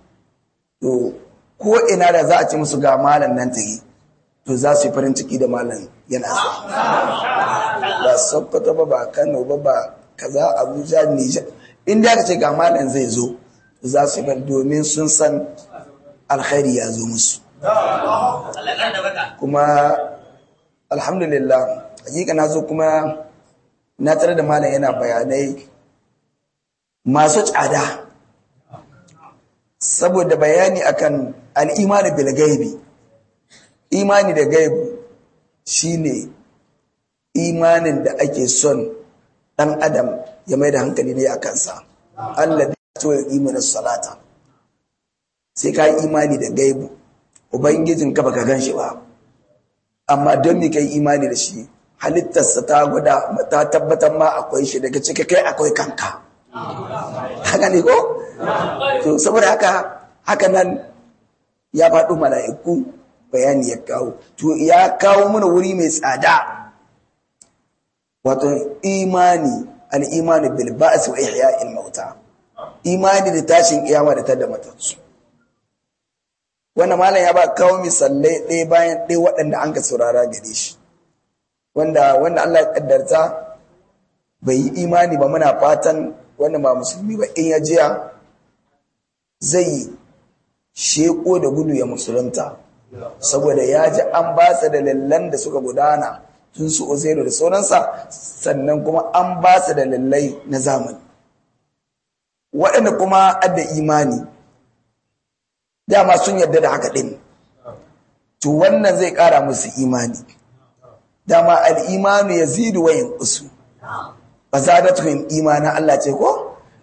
to ko ina da za a ci musu ga malam nan tahi to za su yi farin ciki da malam yana sa ba sabbata ba ba kano ba ba kaza abuja nijar in da aka ce ga malam zai zo za su bar domin sun san alkhairi ya zo musu kuma alhamdulillah hakika na zo kuma na tare da malam yana bayanai masu tsada saboda bayani akan al'imani da gaibi imani da gaibi shine imanin da ake son ɗan adam ya mai da hankali ne a kansa Allah da ya ya imanin salata sai ka imani da gaibi. ubangijin ka baka gan shi ba amma don mi kai imani da shi halittarsa ta gwada ta tabbatar ma akwai shi daga ciki kai akwai kanka haka ne ko to saboda haka haka nan ya faɗo mala'iku bayani ya kawo to ya kawo mana wuri mai tsada wato imani al'imani bil ba'as wa ihya'il mauta imani da tashin kiyama da tada matatsu wannan malam ya ba kawo misalai ɗaya bayan ɗaya waɗanda an ka saurara gare shi wanda wanda Allah ya kaddarta bai yi imani ba muna fatan wanda ba musulmi ba in ya jiya zai sheko da gudu ya musulunta saboda ya ji an basa da lallan da suka gudana tun su Uzairu da sauransa sannan kuma an batsa da lallai na zamani waɗanda kuma adda imani dama sun yarda da haka ɗin to wannan zai ƙara musu imani dama al'imanu ya zidu wayan usu ba za da imana Allah ce ko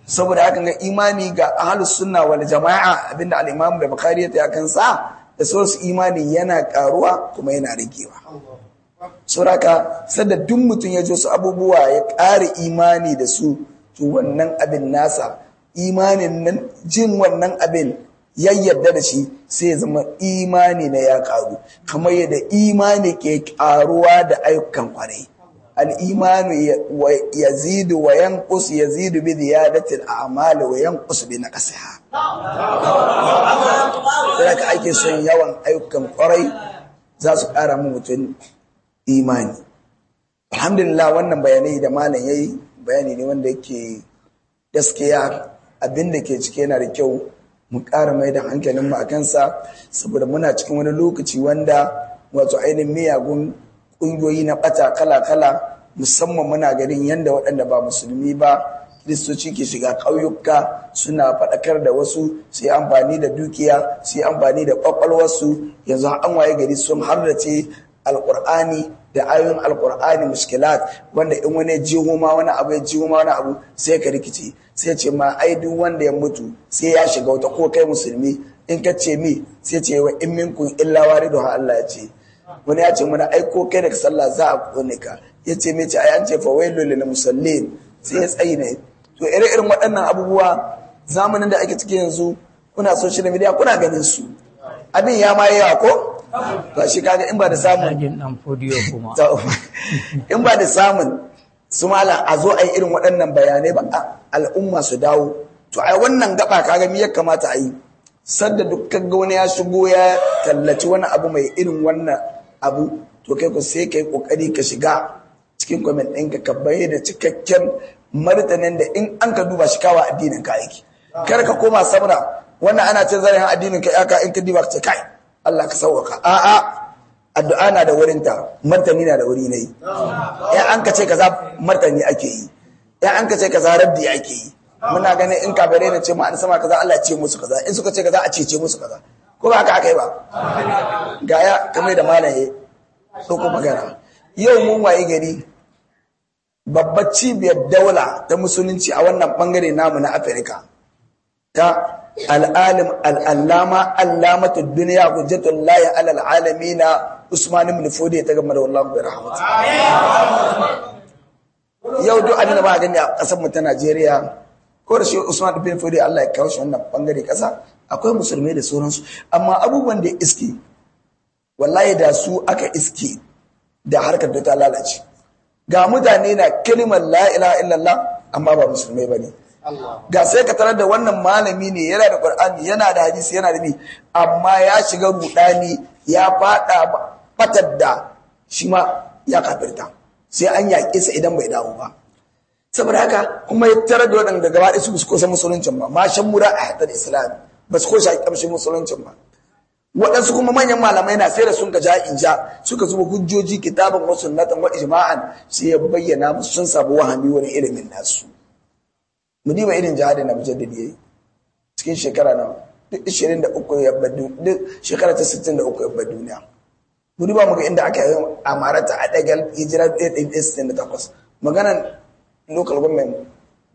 saboda hakan ga imani ga ahlus sunna wal jama'a abinda al da bukhari ya ta sa da sauransu imani yana karuwa kuma yana rikewa sauraka sadda duk mutum ya ji wasu abubuwa ya ƙara imani da su to wannan abin nasa imanin nan jin wannan abin ya yarda da shi sai zama imani na ya karu kamar yadda imani ke karuwa da ayyukan kwarai al’imanu yazidu wa yankus yazidu bi a amala wa yankus bi na ƙasa ha. ka ake son yawan ayyukan ƙwarai za su ƙara mutum imani. Alhamdulillah wannan bayanai da malam ya yi bayani ne wanda yake gaskiya abinda ke cike na da kyau mu ƙara mai da hankalin kansa saboda muna cikin wani lokaci wanda wato ainihin miyagun ƙungiyoyi na ɓata kala-kala musamman muna ganin yadda waɗanda ba musulmi ba kiristoci ke shiga ƙauyuka suna faɗakar da wasu su yi amfani da dukiya su yi amfani da ƙwaƙwalwarsu yanzu an waye gari sun harrace alƙur'ani da ayoyin alƙur'ani muskilat wanda in wani jiho ma wani abu ya jiho ma wani abu sai ka rikice sai ce ma ai duk wanda ya mutu sai ya shiga wata ko kai musulmi in ka ce mi sai ce wa in minkum illa ha Allah ya ce wani ya ce muna aiko kai daga sallah za a kone ka ya ce mai ce ai an ce fa wailu na musallin sai ya tsayi ne to ire irin waɗannan abubuwa zamanin da ake ciki yanzu kuna social media kuna ganin su abin ya ma yawa ko to shi kaga in ba da samun *laughs* in ba da samun su mala a zo a yi irin waɗannan bayanai ba al'umma su dawo to ai wannan gaba kaga mi ya kamata a yi sadda dukkan ga ya shigo ya tallaci wani abu mai irin wannan abu to kai ku sai kai kokari ka shiga cikin comment ɗinka ka bayyana cikakken martanin da in an ka duba shi kawa addinin ka aiki kar ka koma samra wannan ana cin zarafin addinin ka yaka in ka diba ka ce kai Allah ka a a'a addu'a na da wurin ta martani na da wuri ne ya an ka ce kaza martani ake yi ya an ka ce kaza raddi ake yi muna ganin in bare ne ce mu an sama kaza Allah ya ce musu kaza in suka ce kaza a ce ce musu kaza ko ba ka kai ba ga ya kamar da malaye ko magana yau mun waye gari babbar cibiyar daula ta musulunci a wannan bangare namu na afirka ta al'alim al'allama allamatu duniya hujjatul lahi alal alamina usman ibn fudi ta gamar wallahi bi rahmatu yau duk abin ba gani a kasar mu ta Najeriya ko da shi usman ibn fudi Allah ya kawo shi wannan bangare kasa akwai musulmai da sauransu amma abubuwan da iske wallahi da su aka iske da harkar da ta lalace ga mutane na kalimar la'ila illallah amma ba musulmai ba ne. ga sai ka tarar da wannan malami ne yana da ƙwar'ani yana da hadisi yana da ne amma ya shiga rudani ya fada fatar da shi ma ya kafirta sai an yaƙi sa idan bai dawo ba saboda haka kuma ya tarar da waɗanda gaba ɗaya su ko san musuluncin ba ma shan mura a hatar islami ba su koshi kamshin musuluncin ba waɗansu kuma manyan malamai na sai da sun ga ja'in ja suka zuba hujjoji kitabin wa sunnatan wa ijma'an sai ya bayyana musu sun sabu wahami wani ilimin nasu mu diba irin jihadin na mujaddid yayi cikin shekara na duk 23 ya bar duk shekara ta 63 ya bar duniya mu diba mu ga inda aka yi amarata a dagal hijira 1968 maganan local government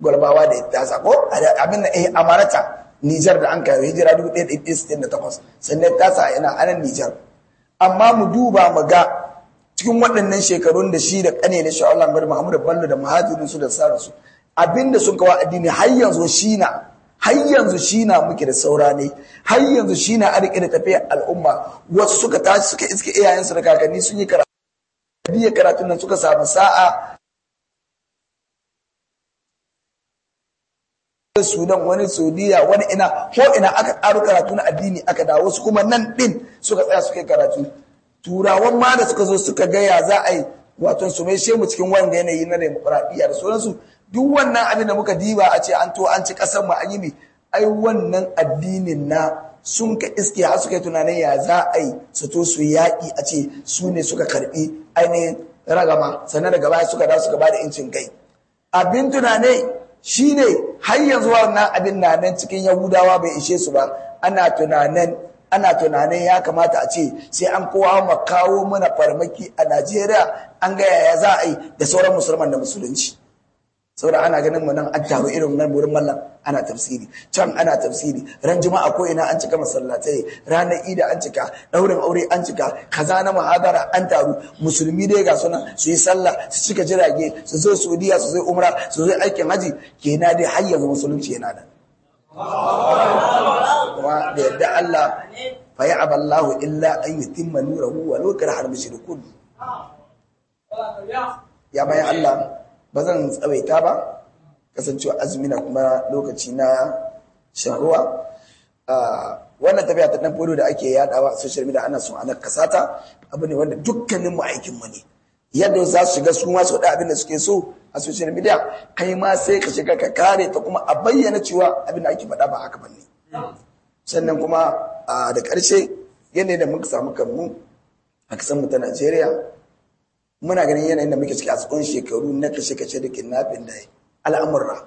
gwalbawa da ta sako abin da eh amarata Nijar da an kawo hijira 1968 sannan ta sa yana anan Nijar amma mu duba mu ga cikin waɗannan shekarun da shi da ƙane na Sha'ul Ahmad Muhammadu Bello da muhajirin su da sarar su abinda sun kawo addini har yanzu shi na har yanzu shi na muke da saura ne har yanzu shi na arike da tafiyar al'umma wasu suka tashi suka iske iyayensu da kakanni sun yi karatu biya karatun nan suka samu sa'a wani sudan wani saudiya wani ina ko ina aka ƙaro karatu na addini aka dawo wasu kuma nan ɗin suka tsaya suka yi karatu turawan ma da suka zo suka gaya za a yi wato su mai shemu cikin wanga yanayi na demokuraɗiyya da sauransu duk wannan abin da muka diba a ce an to an ci ƙasar mu an yi mai ai wannan addinin na sun ka iske har suka yi tunanin ya za a yi su to su yaƙi a ce su ne suka karɓi ainihin ragama sannan daga baya suka dawo suka ba da incin kai abin tunane shi ne hanyar zuwa na abin na nan cikin yahudawa bai ishe su ba ana tunanin ana tunanin ya kamata a ce sai an kowa ma kawo mana farmaki a najeriya an gaya yaya za a yi da sauran musulman da musulunci saboda ana ganin mu nan an taru irin nan wurin mallam ana tafsiri can ana tafsiri ran juma'a ko ina an cika masallatai ranar ida an cika daurin aure an cika kaza na muhadara an taru musulmi dai ga suna su yi sallah su cika jirage su zo saudiya su zo umra su zo aikin haji na dai har yanzu musulunci yana da wa da yadda Allah fa ya aballahu illa an yutimma nurahu wa law mushrikun ya bayan Allah ba zan tsawaita ba kasancewa azumi kuma lokaci na shan ruwa wannan tafiya ta dan da ake yadawa a social media ana son ana kasata abu ne wanda dukkanin mu aikin mu ne yadda za su shiga su ma su da abin da suke so a social media kai ma sai ka shiga ka kare ta kuma a bayyana cewa abin da ake faɗa ba haka bane sannan kuma da ƙarshe yanayin da muka samu kanmu a kasan mu ta Najeriya muna ganin yanayin da muke ciki a tsakon shekaru na kashe-kashe da kidnapping da al'amurra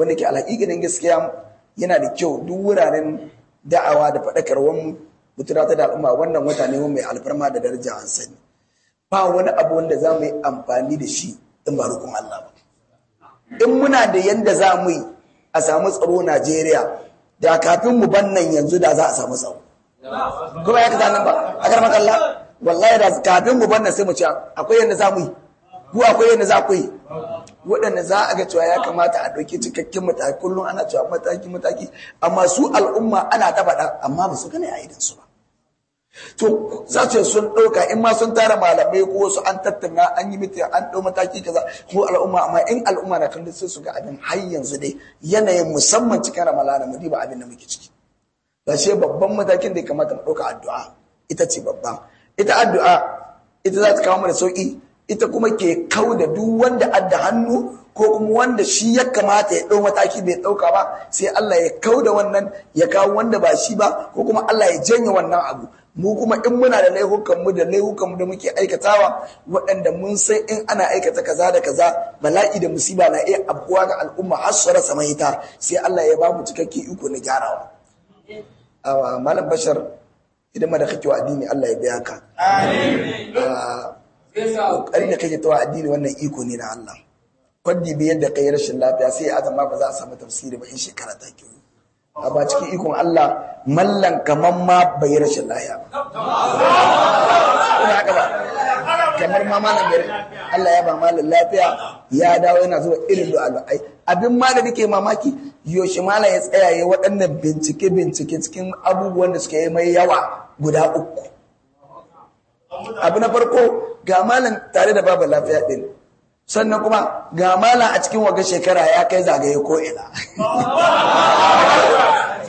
wanda ke alhaƙiƙinin gaskiya yana da kyau duk wuraren da'awa da faɗakarwar mutunata da al'umma wannan wata ne mai alfarma da daraja an sani ba wani abu wanda za mu yi amfani da shi in ba rukun Allah ba in muna da yanda za mu yi a samu tsaro Najeriya da kafin mu bannan yanzu da za a samu tsaro kuma ya kaza nan ba a karmakan Allah wallahi da kafin mu banna sai mu ci akwai yadda za mu yi ku akwai yadda za ku yi waɗanda za a ga cewa ya kamata a ɗauki cikakken mataki kullum ana cewa mataki mataki amma su al'umma ana ta faɗa amma ba su gane a idan su ba to za su sun ɗauka in ma sun tara malamai ko wasu an tattauna an yi mita an ɗau mataki kaza ko al'umma amma in al'umma na kallon sai su ga abin har yanzu dai yanayin musamman cikin ramalana mu diba abin da muke ciki ba babban matakin da ya kamata mu ɗauka addu'a ita ce babban ita addu'a ita za ta kawo mana sauki ita kuma ke kau da duk wanda adda hannu ko kuma wanda shi ya kamata ya ɗau mataki bai ɗauka ba sai Allah ya kau da wannan ya kawo wanda ba shi ba ko kuma Allah ya janye wannan abu mu kuma in muna da laihukan da laihukan da muke aikatawa waɗanda mun san in ana aikata kaza da kaza bala'i da musiba na iya abuwa ga al'umma har su rasa mahita sai Allah ya ba mu cikakke iko na gyarawa malam bashar hidima da kake wa addini Allah ya biya ka ƙoƙari ah, da kake tawa addini wannan iko ne na Allah kwaddi bi yadda kai rashin lafiya sai azama ba za a samu tafsiri ba in shekara ta ke a ba cikin ikon Allah mallan kaman ma bai rashin lafiya ba kamar ma malam gari Allah ya ba malam lafiya ya dawo yana zuwa irin du'a'ai abin ma da nake mamaki yoshi malam ya tsaya ya waɗannan bincike bincike cikin abubuwan da suka yi mai yawa guda uku abu na farko ga malam tare da babu lafiya din sannan kuma ga malam a cikin waga shekara ya kai zagaye ko ina *laughs*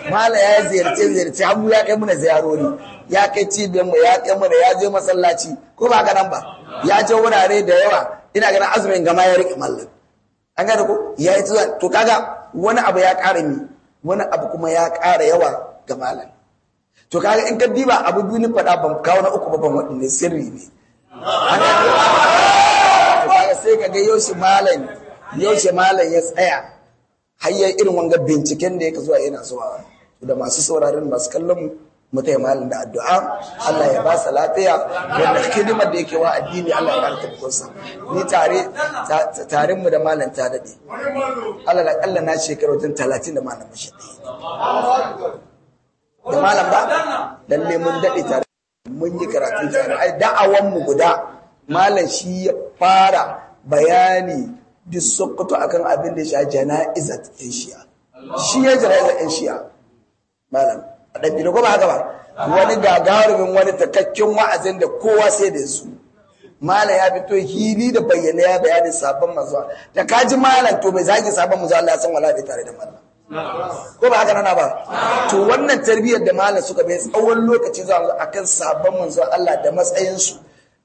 mala ya ziyarce ziyarce hannu ya kai muna ziyarori ya kai cibiyar mu ya kai muna ya je masallaci ko ba ganan ba ya je wurare da yawa ina ganin azumin gama ya rike mallan an ga ko ya yi tuwa to kaga wani abu ya ƙara ni wani abu kuma ya ƙara yawa ga malam to kaga in ka diba abu biyu ni faɗa ban kawo na uku ba ban waɗanne sirri ne sai ka ga yaushe malam yaushe malam ya tsaya har irin wanga binciken da ya ka zuwa yana zuwa da masu saurarin masu kallon mu taya malin da addu'a Allah ya ba sa lafiya wanda hidimar da yake wa addini Allah ya karta sa. ni tare tarin mu da malam ta dade Allah la kalla na shekaru tun 30 da malam shi da malam ba lalle mun dade tare mun yi karatu tare ai da'awan mu guda malam shi ya fara bayani duk sokoto akan abin da ya sha jana'izat ɗin shiya. shi ya jana'izat ɗin shiya? malam a ɗabi'u ko ba haka ba wani gagarumin wani takakken wa'azin da kowa sai da su malam ya fito hili da bayyana ya bayanin sabon manzo da kaji malam to mai zagi sabon manzo Allah ya san wala bai tare da malam ko ba haka nana ba to wannan tarbiyyar da malam suka bai tsawon lokaci zuwa akan sabon manzo Allah da matsayin su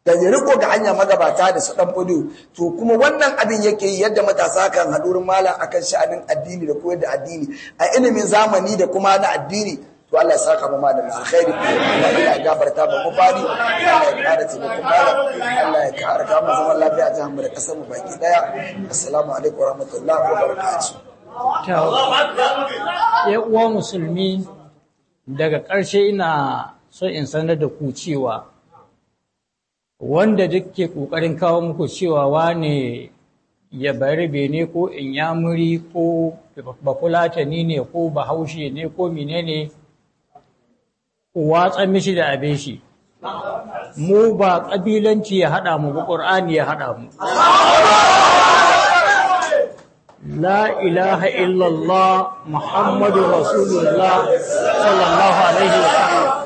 da riko ga hanya magabata da su dan fudu to kuma wannan abin yake yadda matasa kan hadurin malam akan sha'anin addini da koyar da addini a ilimin zamani da kuma na addini to Allah ya saka mu malam alkhairi Allah ya gafarta mu fadi Allah ya kara ci mu malam Allah ya kara ka mu zaman lafiya ta mu da kasar mu baki daya assalamu alaikum warahmatullahi wabarakatuh ya uwa musulmi daga karshe ina so in sanar da ku cewa wanda duk ke ƙoƙarin kawo muku cewa wane ya bari bene ko in yamuri ko bafulatani ne ko bahaushe ne ko menene watsa mishi da abin shi mu ba ƙabilanci ya haɗa mu ba ƙur'ani ya haɗa mu La ilaha illallah Muhammadu Rasulullah sallallahu Alaihi wasallam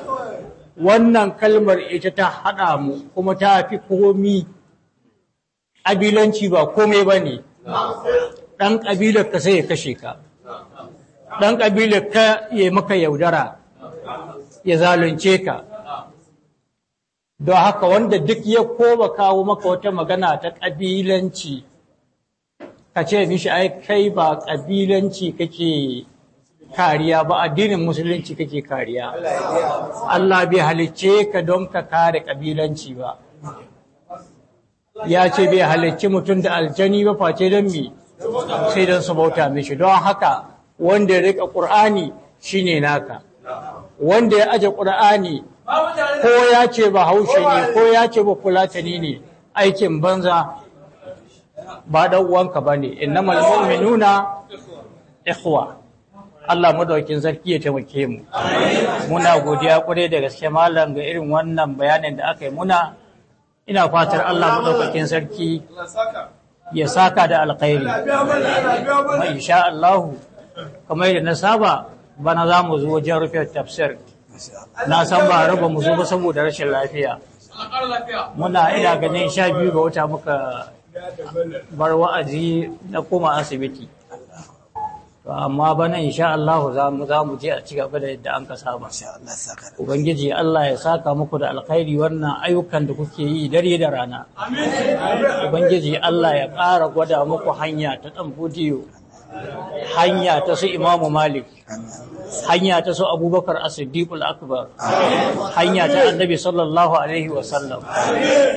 wannan kalmar ita ta haɗa mu kuma ta fi komi ƙabilanci ba komai ba ne ɗan ƙabilar ka sai ya kashe ka ɗan ƙabilar ka ya maka yaudara ya zalunce ka don haka wanda duk ya koba kawo maka wata magana ta ƙabilanci ka ce mishi ai kai ba ƙabilanci kake kariya ba addinin musulunci kake kariya Allah bai halicce ka don ka kare kabilanci ba ya ce bai halicce mutum da aljani ba face don mi sai don su bauta mishi don haka wanda ya rika ƙur'ani shine naka wanda ya aje ƙur'ani ko ya ce ba haushe ne ko ya ce ba fulatani ne aikin banza ba ɗan uwanka ba ne innamal nuna ikhwa Allah madaukin sarki ya taimake mu muna godiya kwarai da gaske malam ga irin wannan bayanin da aka yi muna ina fatar Allah madaukakin sarki ya saka da alkhairi Mai sha Allah kamar yadda na saba bana za mu zo wajen rufe tafsir na san ba raba mu zo ba saboda rashin lafiya muna ina ganin sha biyu ga wata muka bar wa'azi na koma asibiti to amma bana insha Allah za mu za mu je a ci gaba da yadda an ka saba ubangiji Allah ya saka muku da alkhairi wannan ayyukan da kuke yi dare da rana ubangiji Allah ya ƙara gwada muku hanya ta dan budiyo hanya ta su imamu malik hanya ta su abubakar asidikul akbar hanya ta annabi sallallahu alaihi wasallam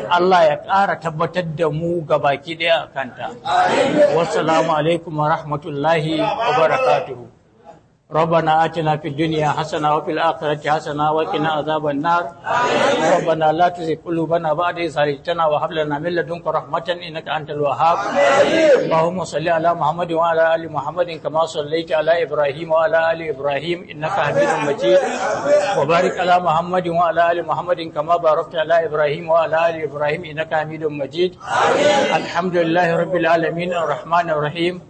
Allah ya ƙara tabbatar da mu ga baki ɗaya a kanta wasu alaikum wa rahmatullahi wa barakatuhu ربنا آتنا في الدنيا حسنة وفي الآخرة حسنة وقنا عذاب النار ربنا لا تزغ قلوبنا بعد إذ هديتنا وهب لنا من لدنك رحمة إنك أنت الوهاب اللهم صل على محمد وعلى آل محمد كما صليت على إبراهيم وعلى آل إبراهيم إنك حميد مجيد وبارك على محمد وعلى آل محمد كما باركت على إبراهيم وعلى آل إبراهيم إنك حميد مجيد الحمد لله رب العالمين الرحمن الرحيم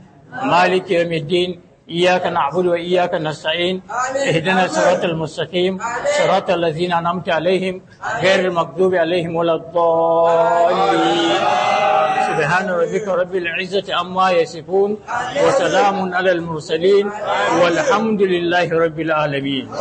مالك يوم الدين إياك نعبد وإياك نستعين اهدنا الصراط المستقيم صراط الذين أنعمت عليهم غير المغضوب عليهم ولا الضالين سبحان ربك رب العزة عما يصفون وسلام على المرسلين والحمد لله رب العالمين